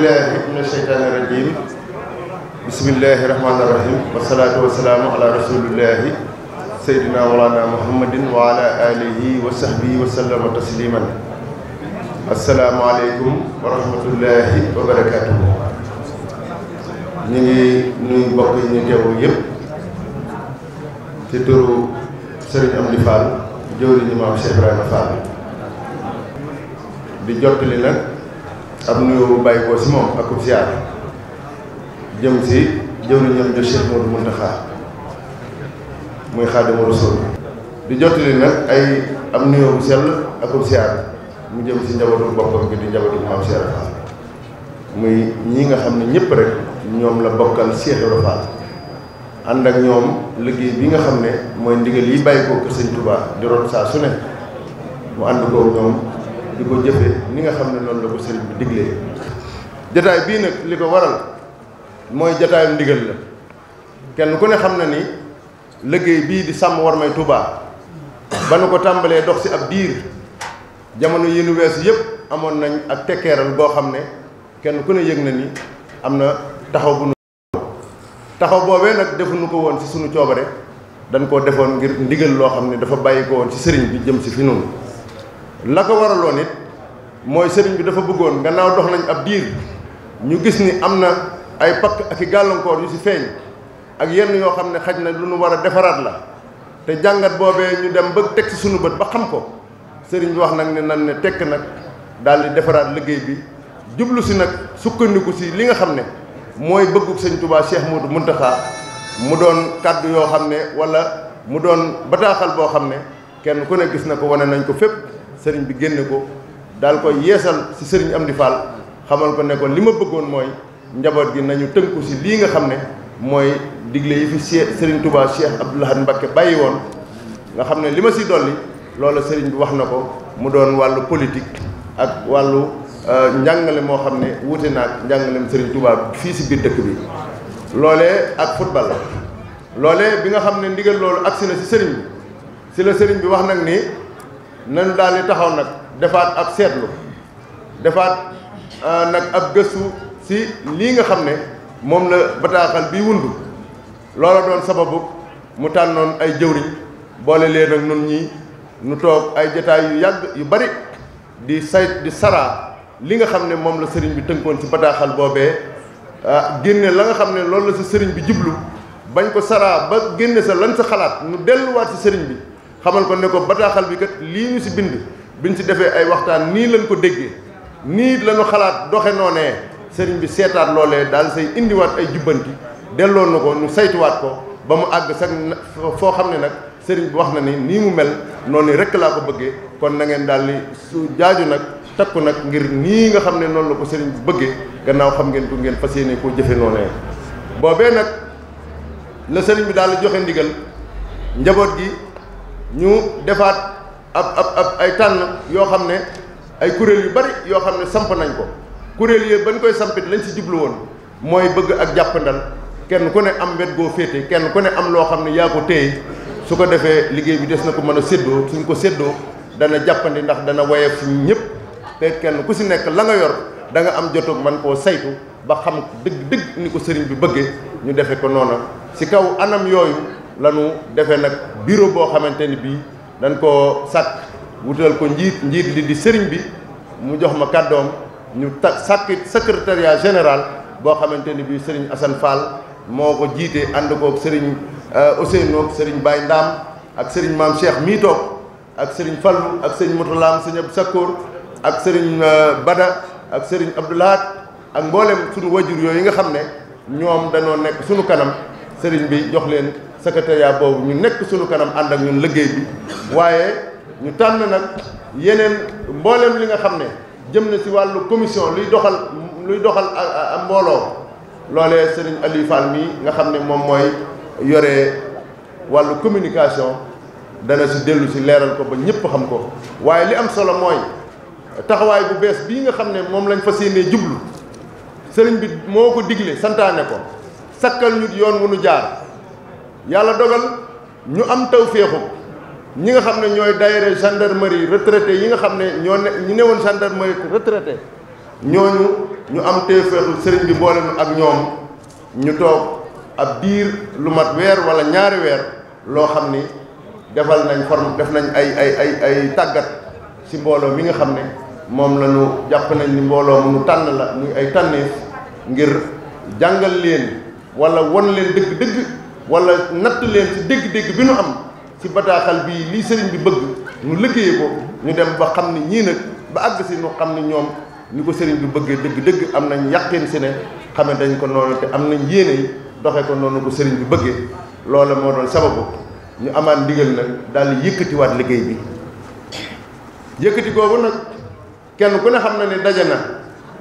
billahi min asheytaani irajim bismillahi rahmaani rahim wasalaatu wasalaamu alihi wa sahbihi wa sallama tasliman asalaamualeykum wa ñu ngi nuyu mbokk ñu teew yëpp ci turu Serigne Amdi Fall jëwriñu maam Cheikh Ibrahima Fall di jottali nag ab nuyoo bàyyi ko si moom ak ziar jëm si jëm nañu am Cheikh Modou Mountakha muy Xaadimu Rasuul di jottali nag ay ab nuyoo bu sell ak ziar mu jëm si njabootu boppam gi di njabootu maam Cheikh Fall muy ñi nga xam ne ñëpp rek ñoom la bokkal Cheikh Ibra Fall ànd ak ñoom liggéey bi nga xam ne mooy ndigal yi bàyyi ko kër Sëñ Touba di root saa su ne mu ànd ko ñoom. di ko jëfee ni nga xam ne noonu la ko sëriñ bi diglee jataay bii nag li ko waral mooy jataayu ndigal la kenn ku ne xam na ni liggéey bii di sàmm war may Touba ba nu ko tàmbalee dox ci ab diir jamono yi nu wees yépp amoon nañ ak tekkeeral boo xam ne kenn ku ne yëg na ni am na taxaw bu nu taxaw boobee nag defuñu ko woon ci sunu coobare dañ koo defoon ngir ndigal loo xam ne dafa bàyyi ko woon ci sëriñ bi jëm ci fi noonu la ko waraloon mooy sëriñ bi dafa bëggoon gannaaw dox nañ ab diir ñu gis ni am na ay pakk ak i gàllankoor yu ci feeñ ak yenn yoo xam ne xaj na lu nu war a defaraat la te jàngat boobee ñu dem ba teg ci sunu ba xam ko sëriñ bi wax nag ne nan ne tekk nag daal di defaraat liggéey bi jublu si nag sukkandiku si li nga xam ne mooy bëggug sëñ Touba Cheikh Modou Mountakha mu doon kàddu yoo xam ne wala mu doon bataaxal boo xam ne kenn ku ne gis na ko wane nañ ko fépp. sëriñ bi génne ko daal ko yeesal si sëriñ Amdi Fall xamal ko nekkoon li ma bëggoon mooy njaboot gi nañu tënku si lii nga xam ne mooy digle yi fi Cheikh sëriñ Touba Cheikh Abdoul Ahad bàyyi woon nga xam ne li ma si dolli loola sëriñ bi wax na ko mu doon wàllu politik ak wàllu euh, njàngale moo xam ne wuute naag njàngalem sëriñ Touba fii si biir dëkk bi loolee ak football la loolee bi nga xam ne ndigal loolu agsi na si sëriñ bi si la sëriñ bi wax nag ni nañu daal di taxaw nag defaat ab seetlu defaat euh, nag ab gëstu si lii nga xam ne moom la bataaxal bi wundu loola doon sababu mu noon ay jëwriñ boole leen ak nun ñii nu toog ay jataay yu yàgg yu bari di say di saraa li nga xam ne moom la sëriñ bi tënkoon ci bataaxal boobee euh, génne la nga xam ne loolu la sa sëriñ bi jublu bañ ko saraa ba génne sa lan si xalaat nu delluwaat ci sëriñ bi xamal ko ne ko bataaxal bi kat lii ñu si bind bi biñ si defee ay waxtaan nii lañ ko déggee nii lañu xalaat doxe noonee sëriñ bi seetaat loolee daal say indiwaat ay jubbanti delloo na ko ñu saytuwaat ko ba mu àgg sax foo xam ne nag sëriñ bi wax na ni nii mu mel noonu rek laa ko bëggee kon na ngeen daal di su jaaju nag takku nag ngir nii nga xam ne noonu la ko sëriñ bi bëggee gannaaw xam ngeen ko ngeen fas yéene koo jëfe noonee boobee nag la sëriñ bi daal di joxe ndigal njaboot gi ñu defaat ab ab ab ay tànn yoo xam ne ay kuréel yu bari yoo xam ne samp nañ ko kuréel yooyu bañ koy sampit lañ si jublu woon mooy bëgg ak jàppandal kenn ku ne am wet goo féete kenn ku ne am loo xam ne yaa ko téye su ko defee liggéey bi des na ko mën a séddoo suñ ko séddoo dana jàppandi ndax dana woyef suñ ñëpp te kenn ku si nekk la nga yor da nga am jotug man koo saytu ba xam dëgg dëgg ni ko sëriñ bi bëggee ñu defe ko noona si kaw anam yooyu lanu defe nag bureau boo xamante ni bii dañ ko sat wutal ko njiit njiit li di sëriñ bi mu jox ma kàddoom ñu ta sàkk secrétariat général boo xamante ni bii sëriñ Assane Fall moo ko jiite ànd koog sëriñ euh, Ousseynou ak sëriñ Baye Ndaam ak sëriñ Maam Cheikh mii toog ak sëriñ Fallou ak sëriñ Moutalaam sëriñ Abdou Sakkoor ak sëriñ euh, Bada ak sëriñ Abdoulahat ak mboolem sunu wajur yooyu nga xam ne ñoom dañoo nekk sunu kanam sëriñ bi jox leen. secrétariat boobu ñu nekk suñu kanam ànd ak ñun liggéey bi waaye ñu tànn nag yeneen mbooleem li nga xam ne jëm na si wàllu commission luy doxal luy doxal mbooloo loolee Serigne Aliou Fall mii nga xam ne moom mooy yore wàllu communication dana si dellu si leeral ko ba ñëpp xam ko waaye li am solo mooy taxawaay bu bees bii nga xam ne moom lañ fas yéenee jublu sëriñ bi moo ko digle santaane ko sakkal ñu yoon wu nu jaar. yàlla dogal ñu am taw tawféexu ñi nga xam ne ñooy daayira gendarmerie retraité yi nga xam ne ñoo ne ñu newoon gendarmerie retraité ñooñu ñu am tawféexu sëriñ bi boole nu ak ñoom ñu toog ab biir lu mat weer wala ñaari weer loo xam ni defal nañ forme def nañ ay ay ay ay tàggat si mbooloo mi nga xam ne moom la ñu jàpp nañ ni mbooloo mu nu tànn la muy ay tànneef ngir jàngal leen wala won leen dëgg-dëgg. wala natt leen dégg-dégg bi nu am ci bataaxal bii lii sëriñ bi bëgg ñu liggéeye ko ñu dem ba xam ni ñii nag ba àgg si ñu xam ni ñoom ni ko sëriñ bi bëggee dëgg-dëgg am nañ yàqin si ne xame dañ ko noonu am nañ yéene doxee ko noonu ko sëriñ bi bëggee loola moo doon sababu ñu amaat ndigal nag daal di yëkkatiwaat liggéey bi yëkkati googu nag kenn ku ne xam na ne daje na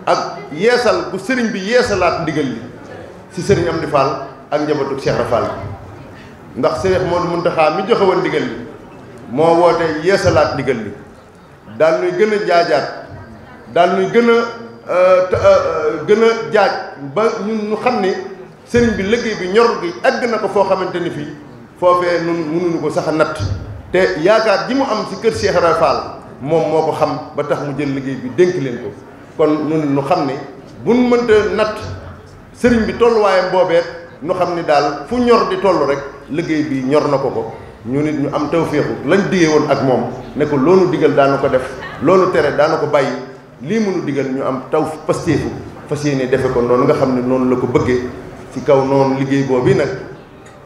ak yeesal bu sëriñ bi yeesalaat ndigal li si sëriñ Amdi Fall ak njabootu Cheikh Rafal ndax Cheikh Modou Mountakha mi joxe woon ndigal li moo woote yeesalaat ndigal li daal nuy gën a jaajaat daal nuy gën a euh, euh, euh, gën a jaaj ba ñun ñu xam ne sëriñ bi liggéey bi ñor gi àgg na ko foo xamante ni fii foofee nun mënuñu ko sax a natt te yaakaar ji mu am ci kër Cheikh moom moo ko xam ba tax mu jël liggéey bi dénk ko kon nun ñu xam ne buñ mënta natt sëriñ bi tolluwaayam boobeet nu xam ni daal fu ñor di toll rek liggéey bi ñor na ko ko ñu nit ñu am tawféexu lañ digee woon ak moom ne ko loonu digal daana ko def loolu tere daana ko bàyyi lii mënu digal ñu am taw pastéefu fas yéene defe ko noonu nga xam ne noonu la ko bëggee ci kaw noonu liggéey boobu nag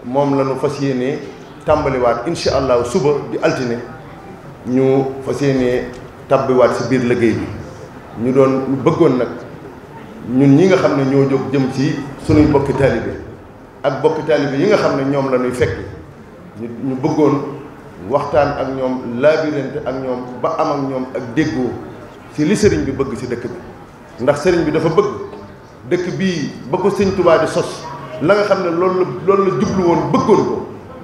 moom la ñu fas yéene tàmbaliwaat incha allah suba di altine ñu fas yéene tabbiwaat si biir liggéey bi ñu doon bëggoon nag ñun ñi nga xam ne ñoo jóg jëm ci sunuy bokki taalibe ak bokki taalibe yi nga xam ne ñoom la ñuy fekk ñu ñu bëggoon waxtaan ak ñoom laabirante ak ñoom ba am ak ñoom ak déggoo ci li sëriñ bi bëgg ci dëkk bi ndax sëriñ bi dafa bëgg dëkk bii ba ko sëñ Tuubaa di sos la nga xam ne loolu la loolu la jublu woon bëggoon ko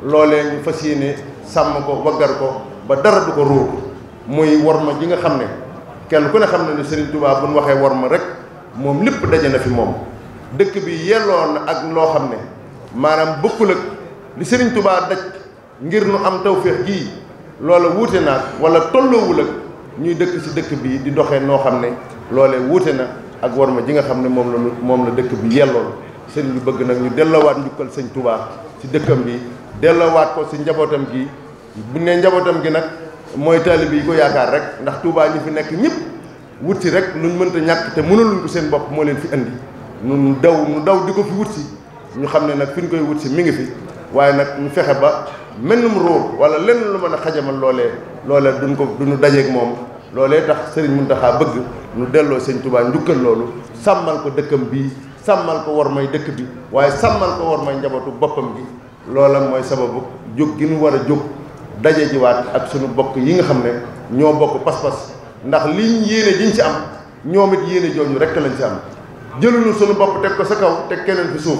loolee ñu fas yéene sàmm ko waggar ko ba dara du ko ruur muy worma ji nga xam ne kenn ku ne xam ne ne sëriñ Tuubaa bu ñu waxee ma rek moom lépp daje na fi moom dëkk bi yelloo na ak loo xam ne maanaam bokkul di li Serigne daj ngir nu am tawféex gii loola wuute naat wala tolloowul ñuy dëkk si dëkk bii di doxee noo xam ne loolee wuute na ak war ma ji nga xam ne moom la moom la dëkk bi yellool sëriñ bi bëgg nag ñu delloowaat njukkal sëñ Touba si dëkkam bi delloowaat ko si njabootam gi bu ne njabootam gi nag mooy taalibe yi ko yaakaar rek ndax tuubaa ñu fi nekk ñëpp wut si rek luñ mënta ñàkk te mënaluñ ko seen bopp moo leen fi indi ñun daw daw di ko fi si ñu xam ne nag fi ñu koy wut si mi ngi fi waaye nag ñu fexe ba mennum ruur wala lenn lu mën a xajamal loolee loolee duñ ko duñu dajeeg moom loolee tax Serigne Mountakha bëgg ñu delloo Serigne Touba njukkal loolu sàmmal ko dëkkam bii sàmmal ko war may dëkk bi waaye sàmmal ko war may njabootu boppam bi loola mooy sababu jóg gi nu war a jóg daje jiwaat ak sunu bokk yi nga xam ne ñoo bokk pas-pas ndax liñ yéene jiñ ci am ñoom it yéene jooju rek lañ ci am jëluñu suñu teg ko sa kaw teg keneen fi suuf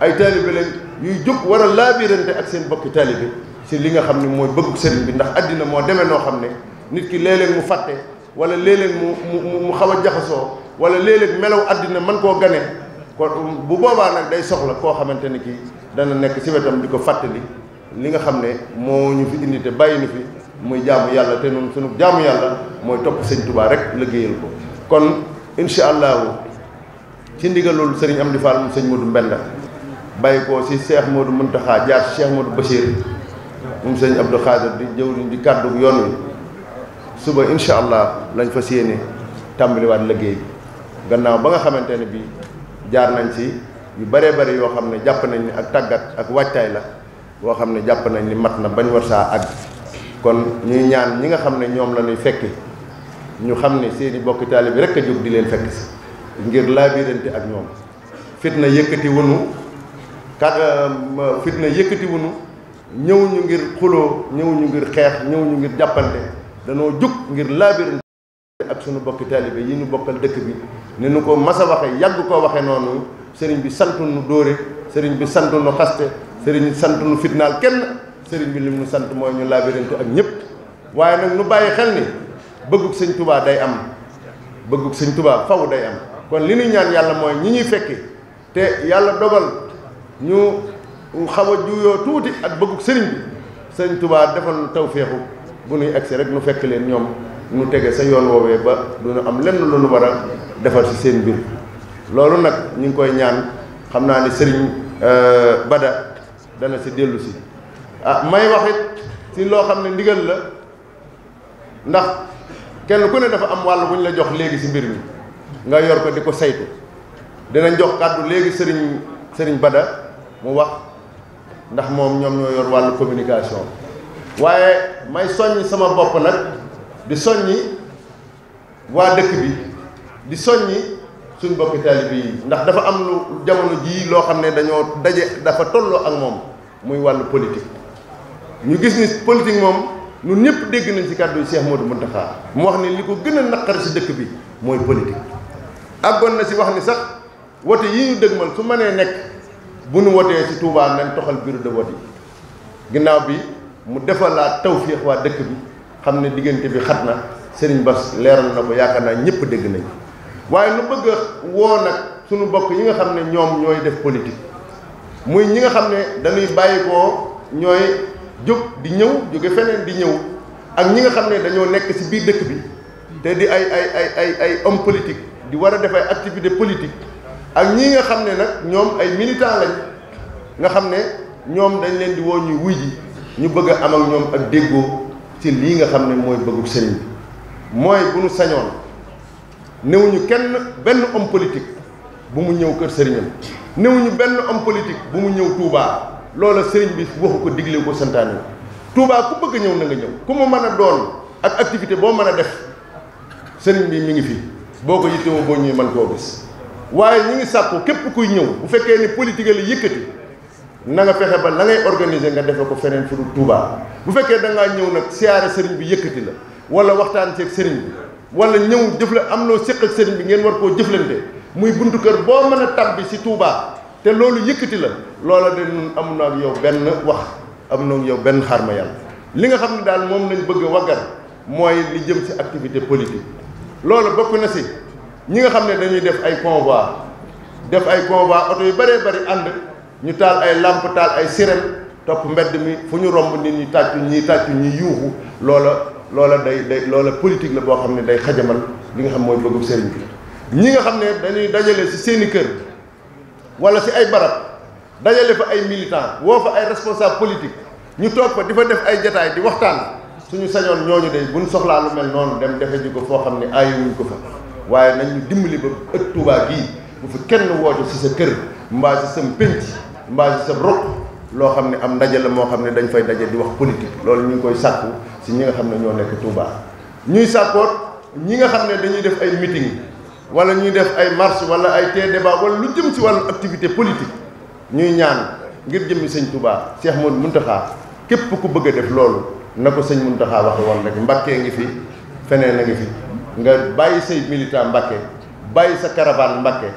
ay taalibe lañ yuy jóg war a laabirante ak seen bokki taalibe si li nga xam ne mooy bëggu sëriñ bi ndax àddina moo demee noo xam ne nit ki léeg-léeg mu fàtte wala léeg-léeg mu mu mu xaw a jaxasoo wala léeg melow àddina mën koo gane kon bu boobaa nag day soxla koo xamante ni kii dana nekk si wetam di ko fàttali li nga xam ne moo ñu fi indi te bàyyi ñu fi muy jaamu yàlla te noonu sunu jaamu yàlla mooy topp sëñ Tuubaa rek liggéeyal ko kon incha allahu ci ndigalul sëriñ Amdi Fall mu sëñ Modou Mbenda bàyyi ko si Cheikh Modou Mountakha jaar si Cheikh Modou Bachir moom sëñ Abdou Khadir di jëwriñ di kàddu yoon wi suba incha allah lañ fas yéene tàmbaliwaat liggéey gannaaw ba nga xamante ne bii jaar nañ si yu bëree bëri yoo xam ne jàpp nañ ni ak tàggat ak wàccaay la woo xam ne jàpp nañ ni mat na bañ war saa àgg kon ñuy ñaan ñi nga xam ne ñoom lañuy ñuy fekki ñu xam ne seeni bokki taalibe bi rek a jóg di leen fekk si ngir laabirante ak ñoom fitna yëkkati kat euh, fitna yëkkatiwunu ñëw ñu ngir xuloo ñëw ñu ngir xeex ñëw ñu ngir jàppante danoo jug ngir laabir ak sunu bokki taalibe yi ñu bokkal dëkk bi ni nu ko mas a waxe yàgg koo waxe noonu sëriñ bi santu nu dóore sëriñ bi santu nu xaste sëriñ bi santu nu fitnaal kenn sëriñ bi lim nu sant mooy ñu laabirante ak ñëpp waaye nag nu bàyyi xel ni bëggug sëñ tubaa day am bëggu sëñ tubaa faw day am kon li ñuy ñaan yàlla mooy ñi ñuy fekki te yàlla dogal ñu xaw a tuuti ak bëggug sëriñ bi sëriñ Tuubaa defal nu tawféexu bu nuy agsi rek nu fekk leen ñoom nu tege sa yoon woowee ba du nu am lenn lu nu war a defal si seen mbir loolu nag ñu ngi koy ñaan xam naa ne sëriñ euh, Bada dana si dellu si ah may wax it si loo xam ne ndigal la ndax kenn ku ne dafa am wàll bu ñu la jox léegi si mbir mi nga yor ko di ko saytu dinañ jox kàddu léegi sëriñ sëriñ Bada mu wax ndax moom ñoom ñoo yor wàllu communication waaye may soññ sama bopp nag di soññi waa dëkk bi di soññi suñ bokki taalibe yi ndax dafa am lu jamono jii loo xam ne dañoo daje dafa tolloo ak moom muy wàllu politique ñu gis ni politique moom ñun ñëpp dégg nañ ci kàddu Cheikh Modou Mountakha mu wax ni li ko gën a naqari ci dëkk bi mooy politique àggoon na ci wax ni sax wote yi ñu dëgmal su mënee nekk bu nu wotee ci Touba nañ toxal bureau de vote yi ginnaaw bi mu defalaat tawféex waa dëkk bi xam ne diggante bi xat na Serigne Bass leeral na ko yaakaar naa ñëpp dégg nañ waaye nu bëgg a woo nag suñu bokk yi nga xam ne ñoom ñooy def politique muy ñi nga xam ne dañuy bàyyi koo ñooy jóg di ñëw jóge feneen di ñëw ak ñi nga xam ne dañoo nekk ci biir dëkk bi te di ay ay ay ay ay homme di war a def ay activité politique ak ñii nga xam ne nag ñoom ay militants lañ nga xam ne ñoom dañ leen di woo ñu wuy ji ñu bëgg a am ñoom ak déggoo ci lii nga xam ne mooy bëggu sëriñ bi mooy bu ñu sañoon newuñu kenn benn homme politique bu mu ñëw kër sëriñam newuñu benn homme politique bu mu ñëw Touba loola sëriñ bi waxu ko digle ko santaane Touba ku bëgg ñëw na nga ñëw ku mu mën a dool ak activité boo mën a def sëriñ bi mi ngi fi boo ko yittewoo boo ñuy mën koo gis waaye ñu ngi sàkku képp kuy ñëw bu fekkee ni politique la yëkkati na nga fexe ba la ngay organiser nga defe ko feneen fu dul Touba bu fekkee da ñëw nag siyaare sëriñ bi yëkkati la wala waxtaan ceeg sëriñ bi wala ñëw jëfle am loo séq ak sëriñ bi ngeen war koo jëflante muy buntu kër boo mën a tàbbi si Touba te loolu yëkkati la loola de nun am na benn wax am na ak yow benn xarma li nga xam ne daal moom lañ bëgg a mooy li jëm si activité politique loolu bokk na si ñi nga xam ne dañuy def ay convoi def ay convoi oto yu baree bëri ànd ñu taal ay làmp taal ay sirène topp mbedd mi fu ñu romb nit ñi tàccu ñi tàccu ñi yuuxu loola loola day day loola politique la boo xam ne day xajamal li nga xam mooy bëggub sëriñ bi ñi nga xam ne dañuy dajale ci seeni kër walla si ay barab dajale fa ay militant woo fa ay responsable politique ñu toog fa di fa def ay jataay di waxtaan suñu sañoon ñooñu day buñ soxlaa lu mel noonu dem defe ji ko foo xam ne aayuwuñ ko waaye nañ ñu dimbali ba ëtt Touba gii bu fi kenn woote si sa kër mbaa si sa pénc mbaa si sa rokk loo xam ne am ndaje la moo xam ne dañ fay daje di wax politique loolu ñu ngi koy sàkku si ñi nga xam ne ñoo nekk Touba ñuy sàkkoot ñi nga xam ne dañuy def ay meeting wala ñuy def ay marche wala ay tee débat wala lu jëm si wàllu activité politique ñuy ñaan ngir jëmmi sëñ Touba Cheikh Modou Mountakha képp ku bëgg a def loolu na ko sëñ Mountakha waxe woon rek Mbàkke ngi fi feneen a ngi fi nga bàyyi say militant Mbàkke bàyyi sa caravane Mbàkke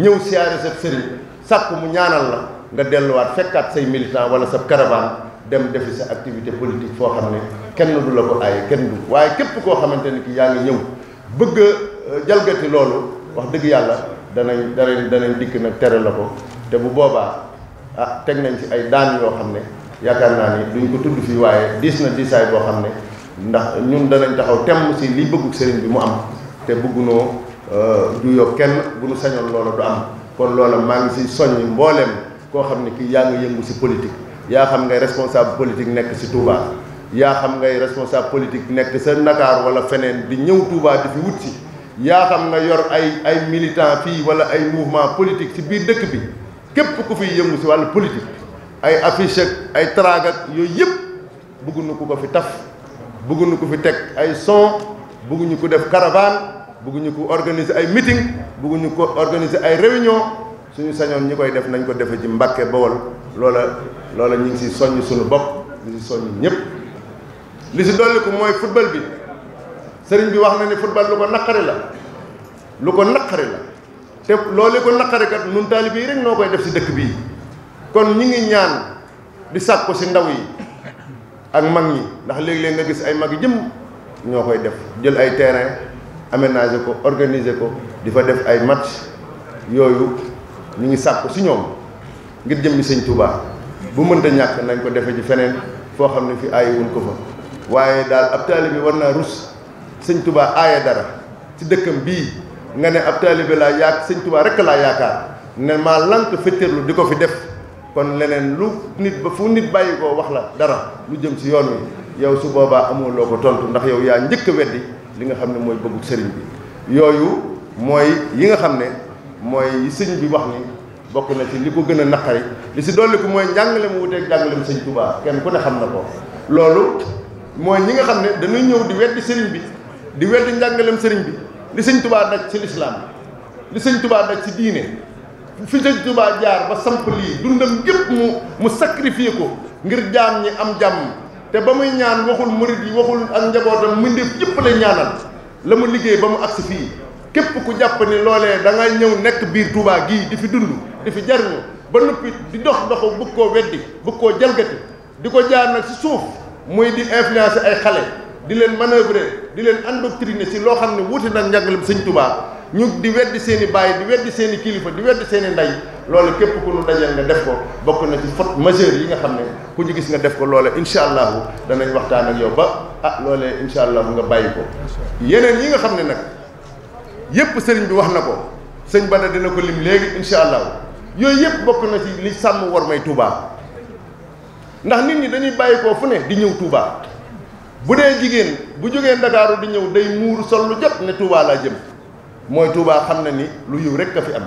ñëw siyaare sa sëriñ sàkk mu ñaanal la nga delluwaat fekkaat say militant wala sa caravane dem defi sa activité politique foo xam ne kenn du la ko aaye kenn du waaye képp koo xamante ni ki yaa ngi ñëw bëgg a euh, jalgati loolu wax dëgg yàlla danañ danañ danañ dikk nag tere la ko te bu boobaa ah teg nañ ci ay daan yoo xam ne yaakaar naa ni duñ ko tudd fii waaye diis na diisaay boo xam ne ndax ñun danañ taxaw temm si li bëggu sëriñ bi mu am te bëggunoo euh, du yo kenn bu ñu sañoon loola du am kon loola maa ngi si soññ mbooleem koo xam ne kii yaa ngi yëngu si politique yaa xam ngay responsable politique nekk si Touba yaa xam ngay responsable politique nekk sa Ndakaar wala feneen di ñëw Touba di fi wut si yaa xam nga yor ay ay militant fii wala ay mouvement politique si biir dëkk bi képp ku fiy yëngu si wàllu politique ay affiche ak ay traag yooyu yëpp bëgguñu ku ko fi taf bëgguñu ko fi teg ay son bëgguñu ko def caravane bëgguñu ko organiser ay meeting bëgguñu ko organiser ay réunion suñu sañoon ñi koy def nañ ko defe ci Mbàkke Bawol loola loola ñu ngi si soññ suñu bopp di si soññ ñëpp li si dolli ko mooy football bi sëriñ bi wax na ni football lu ko naqari la lu ko naqari la te loolu ko naqari kat nun taalibe yi rek noo koy def si dëkk bii kon ñi ngi ñaan di ko si ndaw yi ak mag ñi ndax léegi léeg nga gis ay mag yi jëm ñoo koy def jël ay terrain aménager ko organiser ko di fa def ay match yooyu ñu ngi sàkku si ñoom ngir jëm bi sëñ Touba bu mënta ñàkk nañ ko defe ci feneen foo xam ne fi aayiwuñ ko fa waaye daal ab taalibe war naa rus sëñ Touba aaye dara ci dëkkam bii nga ne ab taalibe laa yaak sëñ Touba rek laa yaakaar ne maa lank fettirlu di ko fi def kon leneen lu nit ba fu nit bàyyi koo wax la dara lu jëm ci yoon wi yow su boobaa amoo loo ko tontu ndax yow yaa njëkk a weddi li nga xam ne mooy bëggu sëriñ bi yooyu mooy yi nga xam ne mooy yi sëñ bi wax ni bokk na ci li ko gën a naqari li si dolli ko mooy njàngale mu wuteeg njàngale mu sëñ Tuubaa kenn ku ne xam na ko loolu mooy ñi nga xam ne dañuy ñëw di weddi sëriñ bi di weddi njàngaleem sëriñ bi li sëñ Tuubaa daj ci lislaam li sëñ tubaa daj ci diine fi sëñ Tuubaa jaar ba samp lii dundam gépp mu mu sacrifié ko ngir jaam ñi am jàmm te ba muy ñaan waxul murit yi waxul ak njabootam mu ndéef yëpp lay ñaanal la mu liggéey ba mu agsi fii képp ku jàpp ni loolee da ngay ñëw nekk biir Tuubaa gii di fi dund di fi jariñu ba noppi di dox doxu bëgg koo weddi bëgg koo jalgati di ko jaar nag si suuf muy di influencer ay xale di leen manœuvrer di leen endoctriner si loo xam ne wuute nag njàngalem sëñ Tuubaa ñu di weddi seen i bàyyi di weddi seen i kilifa di weddi seen i ndey loolu képp ku nu dajal nga def ko bokk na ci faute majeure yi nga xam ne ku ñu gis nga def ko loole incha allahu danañ waxtaan ak yow ba ah loolee incha allahu nga bàyyi ko. yeneen yi nga xam ne nag yépp sëriñ bi wax na ko sëñ ba Bada dina ko lim léegi incha allahu yooyu yépp bokk na ci li sàmm war may Touba ndax nit ñi dañuy bàyyi koo fu ne di ñëw Touba bu dee jigéen bu jógee Ndakaaru di ñëw day muur sol lu jot ne Touba laa jëm. mooy tuubaa xam na ni lu yiw rek a fi am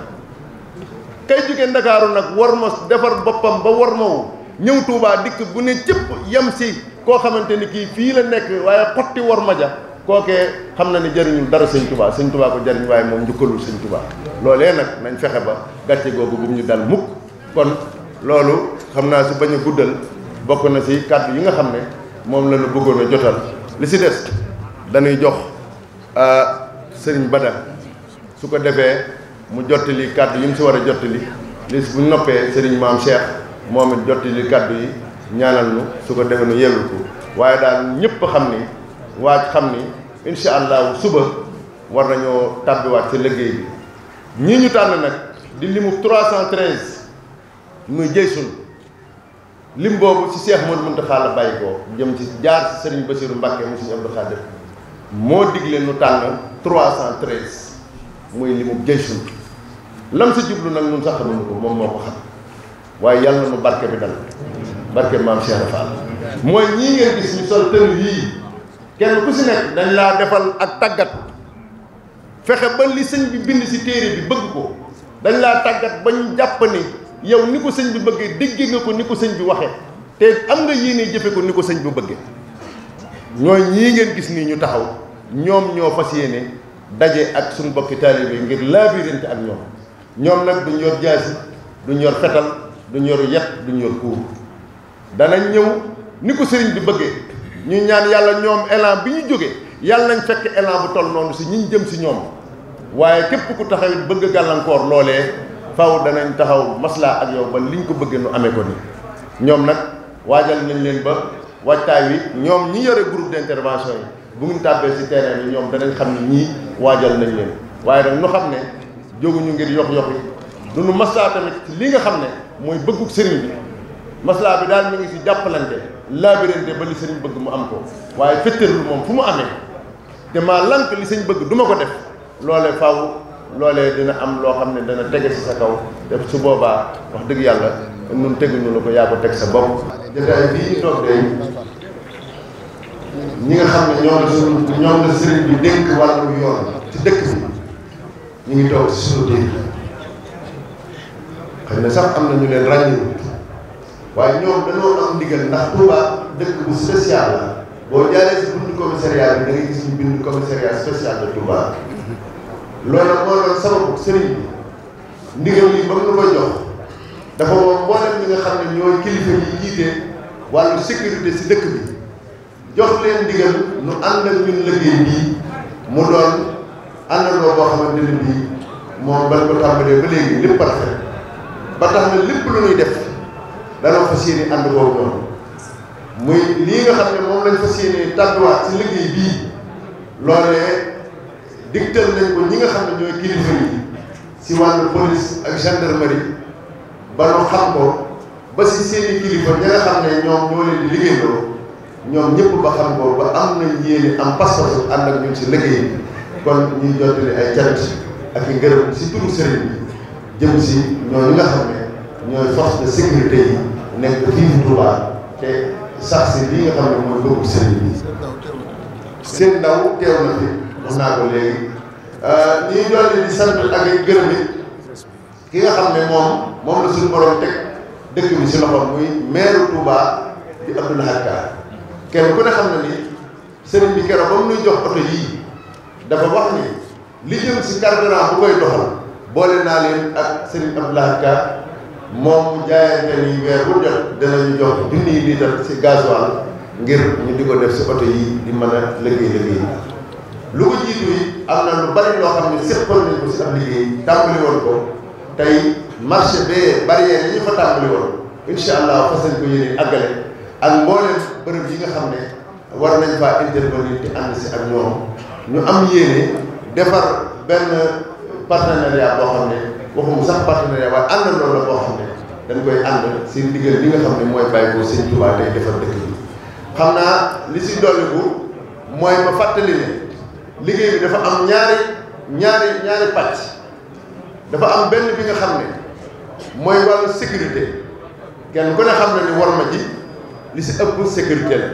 kay jóge ndakaaru nag war ma defar boppam ba war mawu ñëw Touba dikk bu ne cëpp yem si koo xamante ni kii fii la nekk waaye xotti war ma ja kookee xam na ni jëriñul dara sëñ Touba sëñ Touba ko jëriñ waaye moom njukkalul sëñ Touba loolee nag nañ fexe ba gàcce googu bu ñu dal mukk kon loolu xam naa si bañ a guddal bokk na si kàddu yi nga xam ne moom la ñu bëggoon a jotal li si des dañuy jox euh, sëriñ Bada su ko defee mu jottali kàddu yi mu si war a jottali lis bu noppee sëriñ maam Cheikh moom it kàddu yi ñaanal nu su ko defee nu yellu ko waaye daal ñëpp xam ni waaj xam ni incha allahu suba war nañoo tàbbiwaat ci liggéey bi ñii ñu tànn nag di limu 313 muy jëysun lim boobu ci Cheikh Modou Mountakha la bàyyi ko jëm ci jaar ci sëriñ Bassirou Mbacké mu sëriñ Abdou Khadir moo digle nu tànn 313. mooy li mu jëy suñ lam sa jublu nag ñun sax xamuñu ko moom moo ko xam waaye yàlla nu barke bi dal barke maam Cheikh Fall mooy ñii ngeen gis ñu sol tën yii kenn ku si nekk dañ laa defal ak tàggat fexe ba li sëñ bi bind si téere bi bëgg ko dañ laa tàggat ba ñu jàpp ni yow ni ko sëñ bi bëggee déggee nga ko ni ko sëñ bi waxee te am nga yéene jëfe ko ni ko sëñ bu bëggee ñooy ñii ngeen gis nii ñu taxaw ñoom ñoo fas yéene daje ak suñu bokki taalibe yi ngir laabirante ak ñoom ñoom nag duñ yor jaasi duñ yor fetal duñ yor yet duñ yor kuur danañ ñëw ni ko sëriñ bi bëggee ñu ñaan yàlla ñoom élan bi ñu jógee yàlla nañ fekk élan bu toll noonu si ñi jëm si ñoom waaye képp ku taxawit bëgg gàllankoor loolee faw danañ taxaw maslaa ak yow ba liñ ko bëggee nu amee ko ni ñoom nag waajal nañ leen ba waajtaay wi ñoom ñi yore groupe d'intervention yi bu ngeen tàbbee si terrain bi ñoom danañ xam ne ñii waajal nañ leen waaye nag ñu xam ne jóguñu ngir yox yox yi duñu maslaa tamit ci li nga xam ne mooy bëggug sëriñ bi maslaa bi daal mi ngi si jàppalante laabirante ba li sëriñ bëgg mu am ko waaye fetteerul moom fu mu amee te maa lank li sëñ bëgg duma ko def loole faw loole dina am loo xam ne dana tege si sa kaw te su boobaa wax dëgg yàlla nun teguñu la ko yaa teg sa bopp jotaay bii ñu toog de ñi nga xam ne ñoom la suñu ñoom la sëriñ bi dénk wàllu yoon ci dëkk bi ñu ngi toog ci suñu dégg xëy na sax am na ñu leen ràññeeku waaye ñoom dañoo am ndigal ndax Touba dëkk bu spécial la boo jaaree si buntu commissariat bi da ngay gis ñu bind commissariat spécial de Touba loolu nag moo doon sababu sëriñ bi ndigal yi ba mu ko jox dafa woo mboolem ñi nga xam ne ñooy kilifa yi jiite wàllu sécurité si dëkk bi. jox leen digal nu ànd ak ñun liggéey bii mu doon àndandoo boo xamante ne bii moom bañ ko ba léegi lépp parfait ba tax na lépp lu ñuy def danoo fas yéene ànd boobu noonu muy lii nga xam ne moom lañ fas yéene tàbbiwaat ci liggéey bii loolee digtal nañ ko ñi nga xam ne ñooy kilifa yi si wàllu police ak gendarmerie ba nu xam ko ba si seeni kilifa ñi nga xam ne ñoom ñoo leen di ñoom ñëpp ba xam ko ba am nañ yéene am pas-pas ànd ak ñun si liggéey bi kon ñuy jottali ay cant ak i ngërëm si turu sëriñ bi jëm si ñooñu nga xam ne ñooy force de sécurité yi nekk fii mu nga xam ne mooy bëggu sëriñ bi seen ndaw teew na fi wax naa ko léegi euh, ñuy ki nga xam ne moom moom la suñu borom teg dëkk bi si loxoom muy maire Touba di Abdou Lahad Ka kenn ku ne xam na ni sëriñ bi keroog ba mu nuy jox oto yii dafa wax ni li jëm si carburant bu koy doxal boole naa leen ak sëriñ Abdoulaye Ka moom jaayante ni weer bu jot danañu jox junniy litre si gasoil ngir ñu di ko def si oto yi di mën a liggéey liggéey lu ko jiitu yi am na lu bari loo xam ne séppal nañ ko si ab liggéey tàmbali woon ko tey marché bee barrière yi ñu fa tàmbali woon allah fas nañ ko yéene àggale ak mbooleem bërëb yi nga xam ne war nañ faa intervenir di ànd si ak ñoom ñu am yéene defar benn partenariat boo xam ne waxumu sax partenariat boo xam ne dañ koy ànd si ndigal li nga xam ne mooy bàyyi ko seen Tuubaa tey defar dëkk bi xam naa li si dolliku mooy ma fàttali ne liggéey bi dafa am ñaari ñaari ñaari pàcc dafa am benn bi nga xam ne mooy wàllu sécurité kenn ku ne xam ne ni war ma ji li si ëpp sécurité la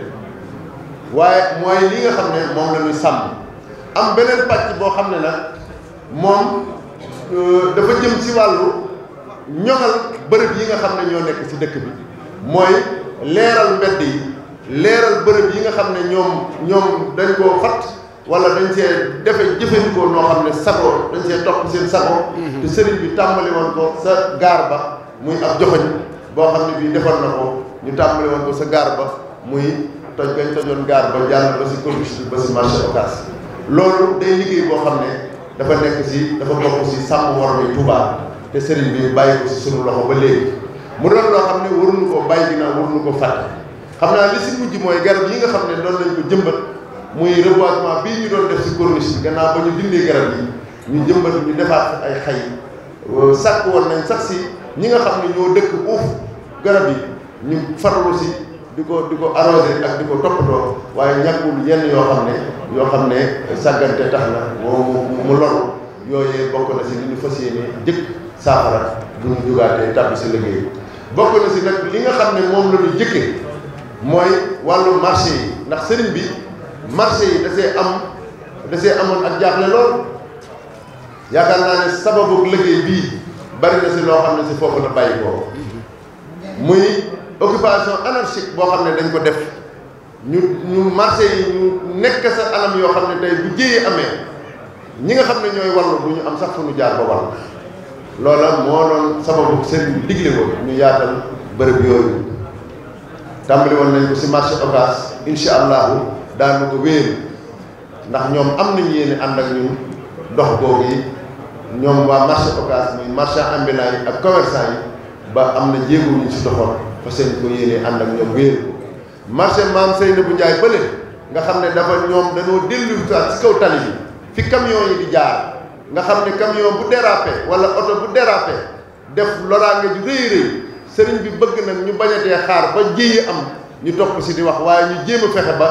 waaye mooy li nga xam ne moom la sàmm am beneen pàcc boo xam ne nag moom euh, dafa jëm si wàllu ñoŋal bërëb yi nga xam ne ñoo nekk si dëkk bi mooy leeral mbedd yi leeral bërëb yi nga xam ne ñoom ñoom dañ koo fat wala dañ see defe jëfandikoo noo xam ne sago dañ see topp seen sago mm-hmm. te sëriñ bi tàmbali woon ko sa gaar ba muy ab joxoñ boo xam ne bii defoon na ko ñu tàmbali woon ko sa gaar ba muy toj gañ tojoon gaar ba jàll ba si corniche bi ba si marché Ocass loolu day liggéey boo xam ne dafa nekk si dafa bokk si sàmm war mi Touba te sëriñ bi bàyyi ko si sunu loxo ba léegi mu doon loo xam ne waruñu ko bàyyi ginnaaw waruñu ko fàtte xam naa li si mujj mooy garab yi nga xam ne doon lañ ko jëmbat muy bii ñu doon def si corniche bi ñu dindee garab yi ñu jëmbat ñu defaat ay xay sàkk woon nañ sax si ñi nga xam ne ñoo dëkk uuf garab yi ñu farlu si di ko di ko arrosé ak di ko toppatoo waaye ñàkkul yenn yoo xam ne yoo xam ne sàggante tax na mu mu loru yooyee bokk na si li ñu fas yéene jëkk saafara bu ñu jugaatee tàbbi si liggéey bokk na si nag li nga xam ne moom la ñu jëkkee mooy wàllu marché yi ndax sëriñ bi marché yi da am da amoon ak jaaxle lool yaakaar naa ne sababu liggéey bii bari na si loo xam ne si foofu la bàyyi ko occupation anarchique boo xam ne dañ ko def ñu ñu marché yi ñu nekk sa anam yoo xam ne tey bu jéyee amee ñi nga xam ne ñooy wàllu du ñu am sax fu ñu jaar ba wàll loola moo doon sababu seen digle woon ñu yaatal bërëb yooyu tàmbali woon nañ ko si marché Ocass incha allahu daanu ko wéeru ndax ñoom am nañ yéene ànd ak ñun dox boobu yi ñoom waa marché Ocass muy marchand ambulant ak commerçant yi ba am na jéego ñu si doxoon fa seen ko yéenee ànd ak ñoom wéeru marché maam Seynabou Ndiaye bële nga xam ne dafa ñoom dañoo delluwaat si kaw tali bi fi camion yi di jaar nga xam ne camion bu dérapé wala oto bu dérapé def loraange ju rëy rëy sëriñ bi bëgg nag ñu bañatee xaar ba jéyi am ñu topp si di wax waaye ñu jéem a fexe ba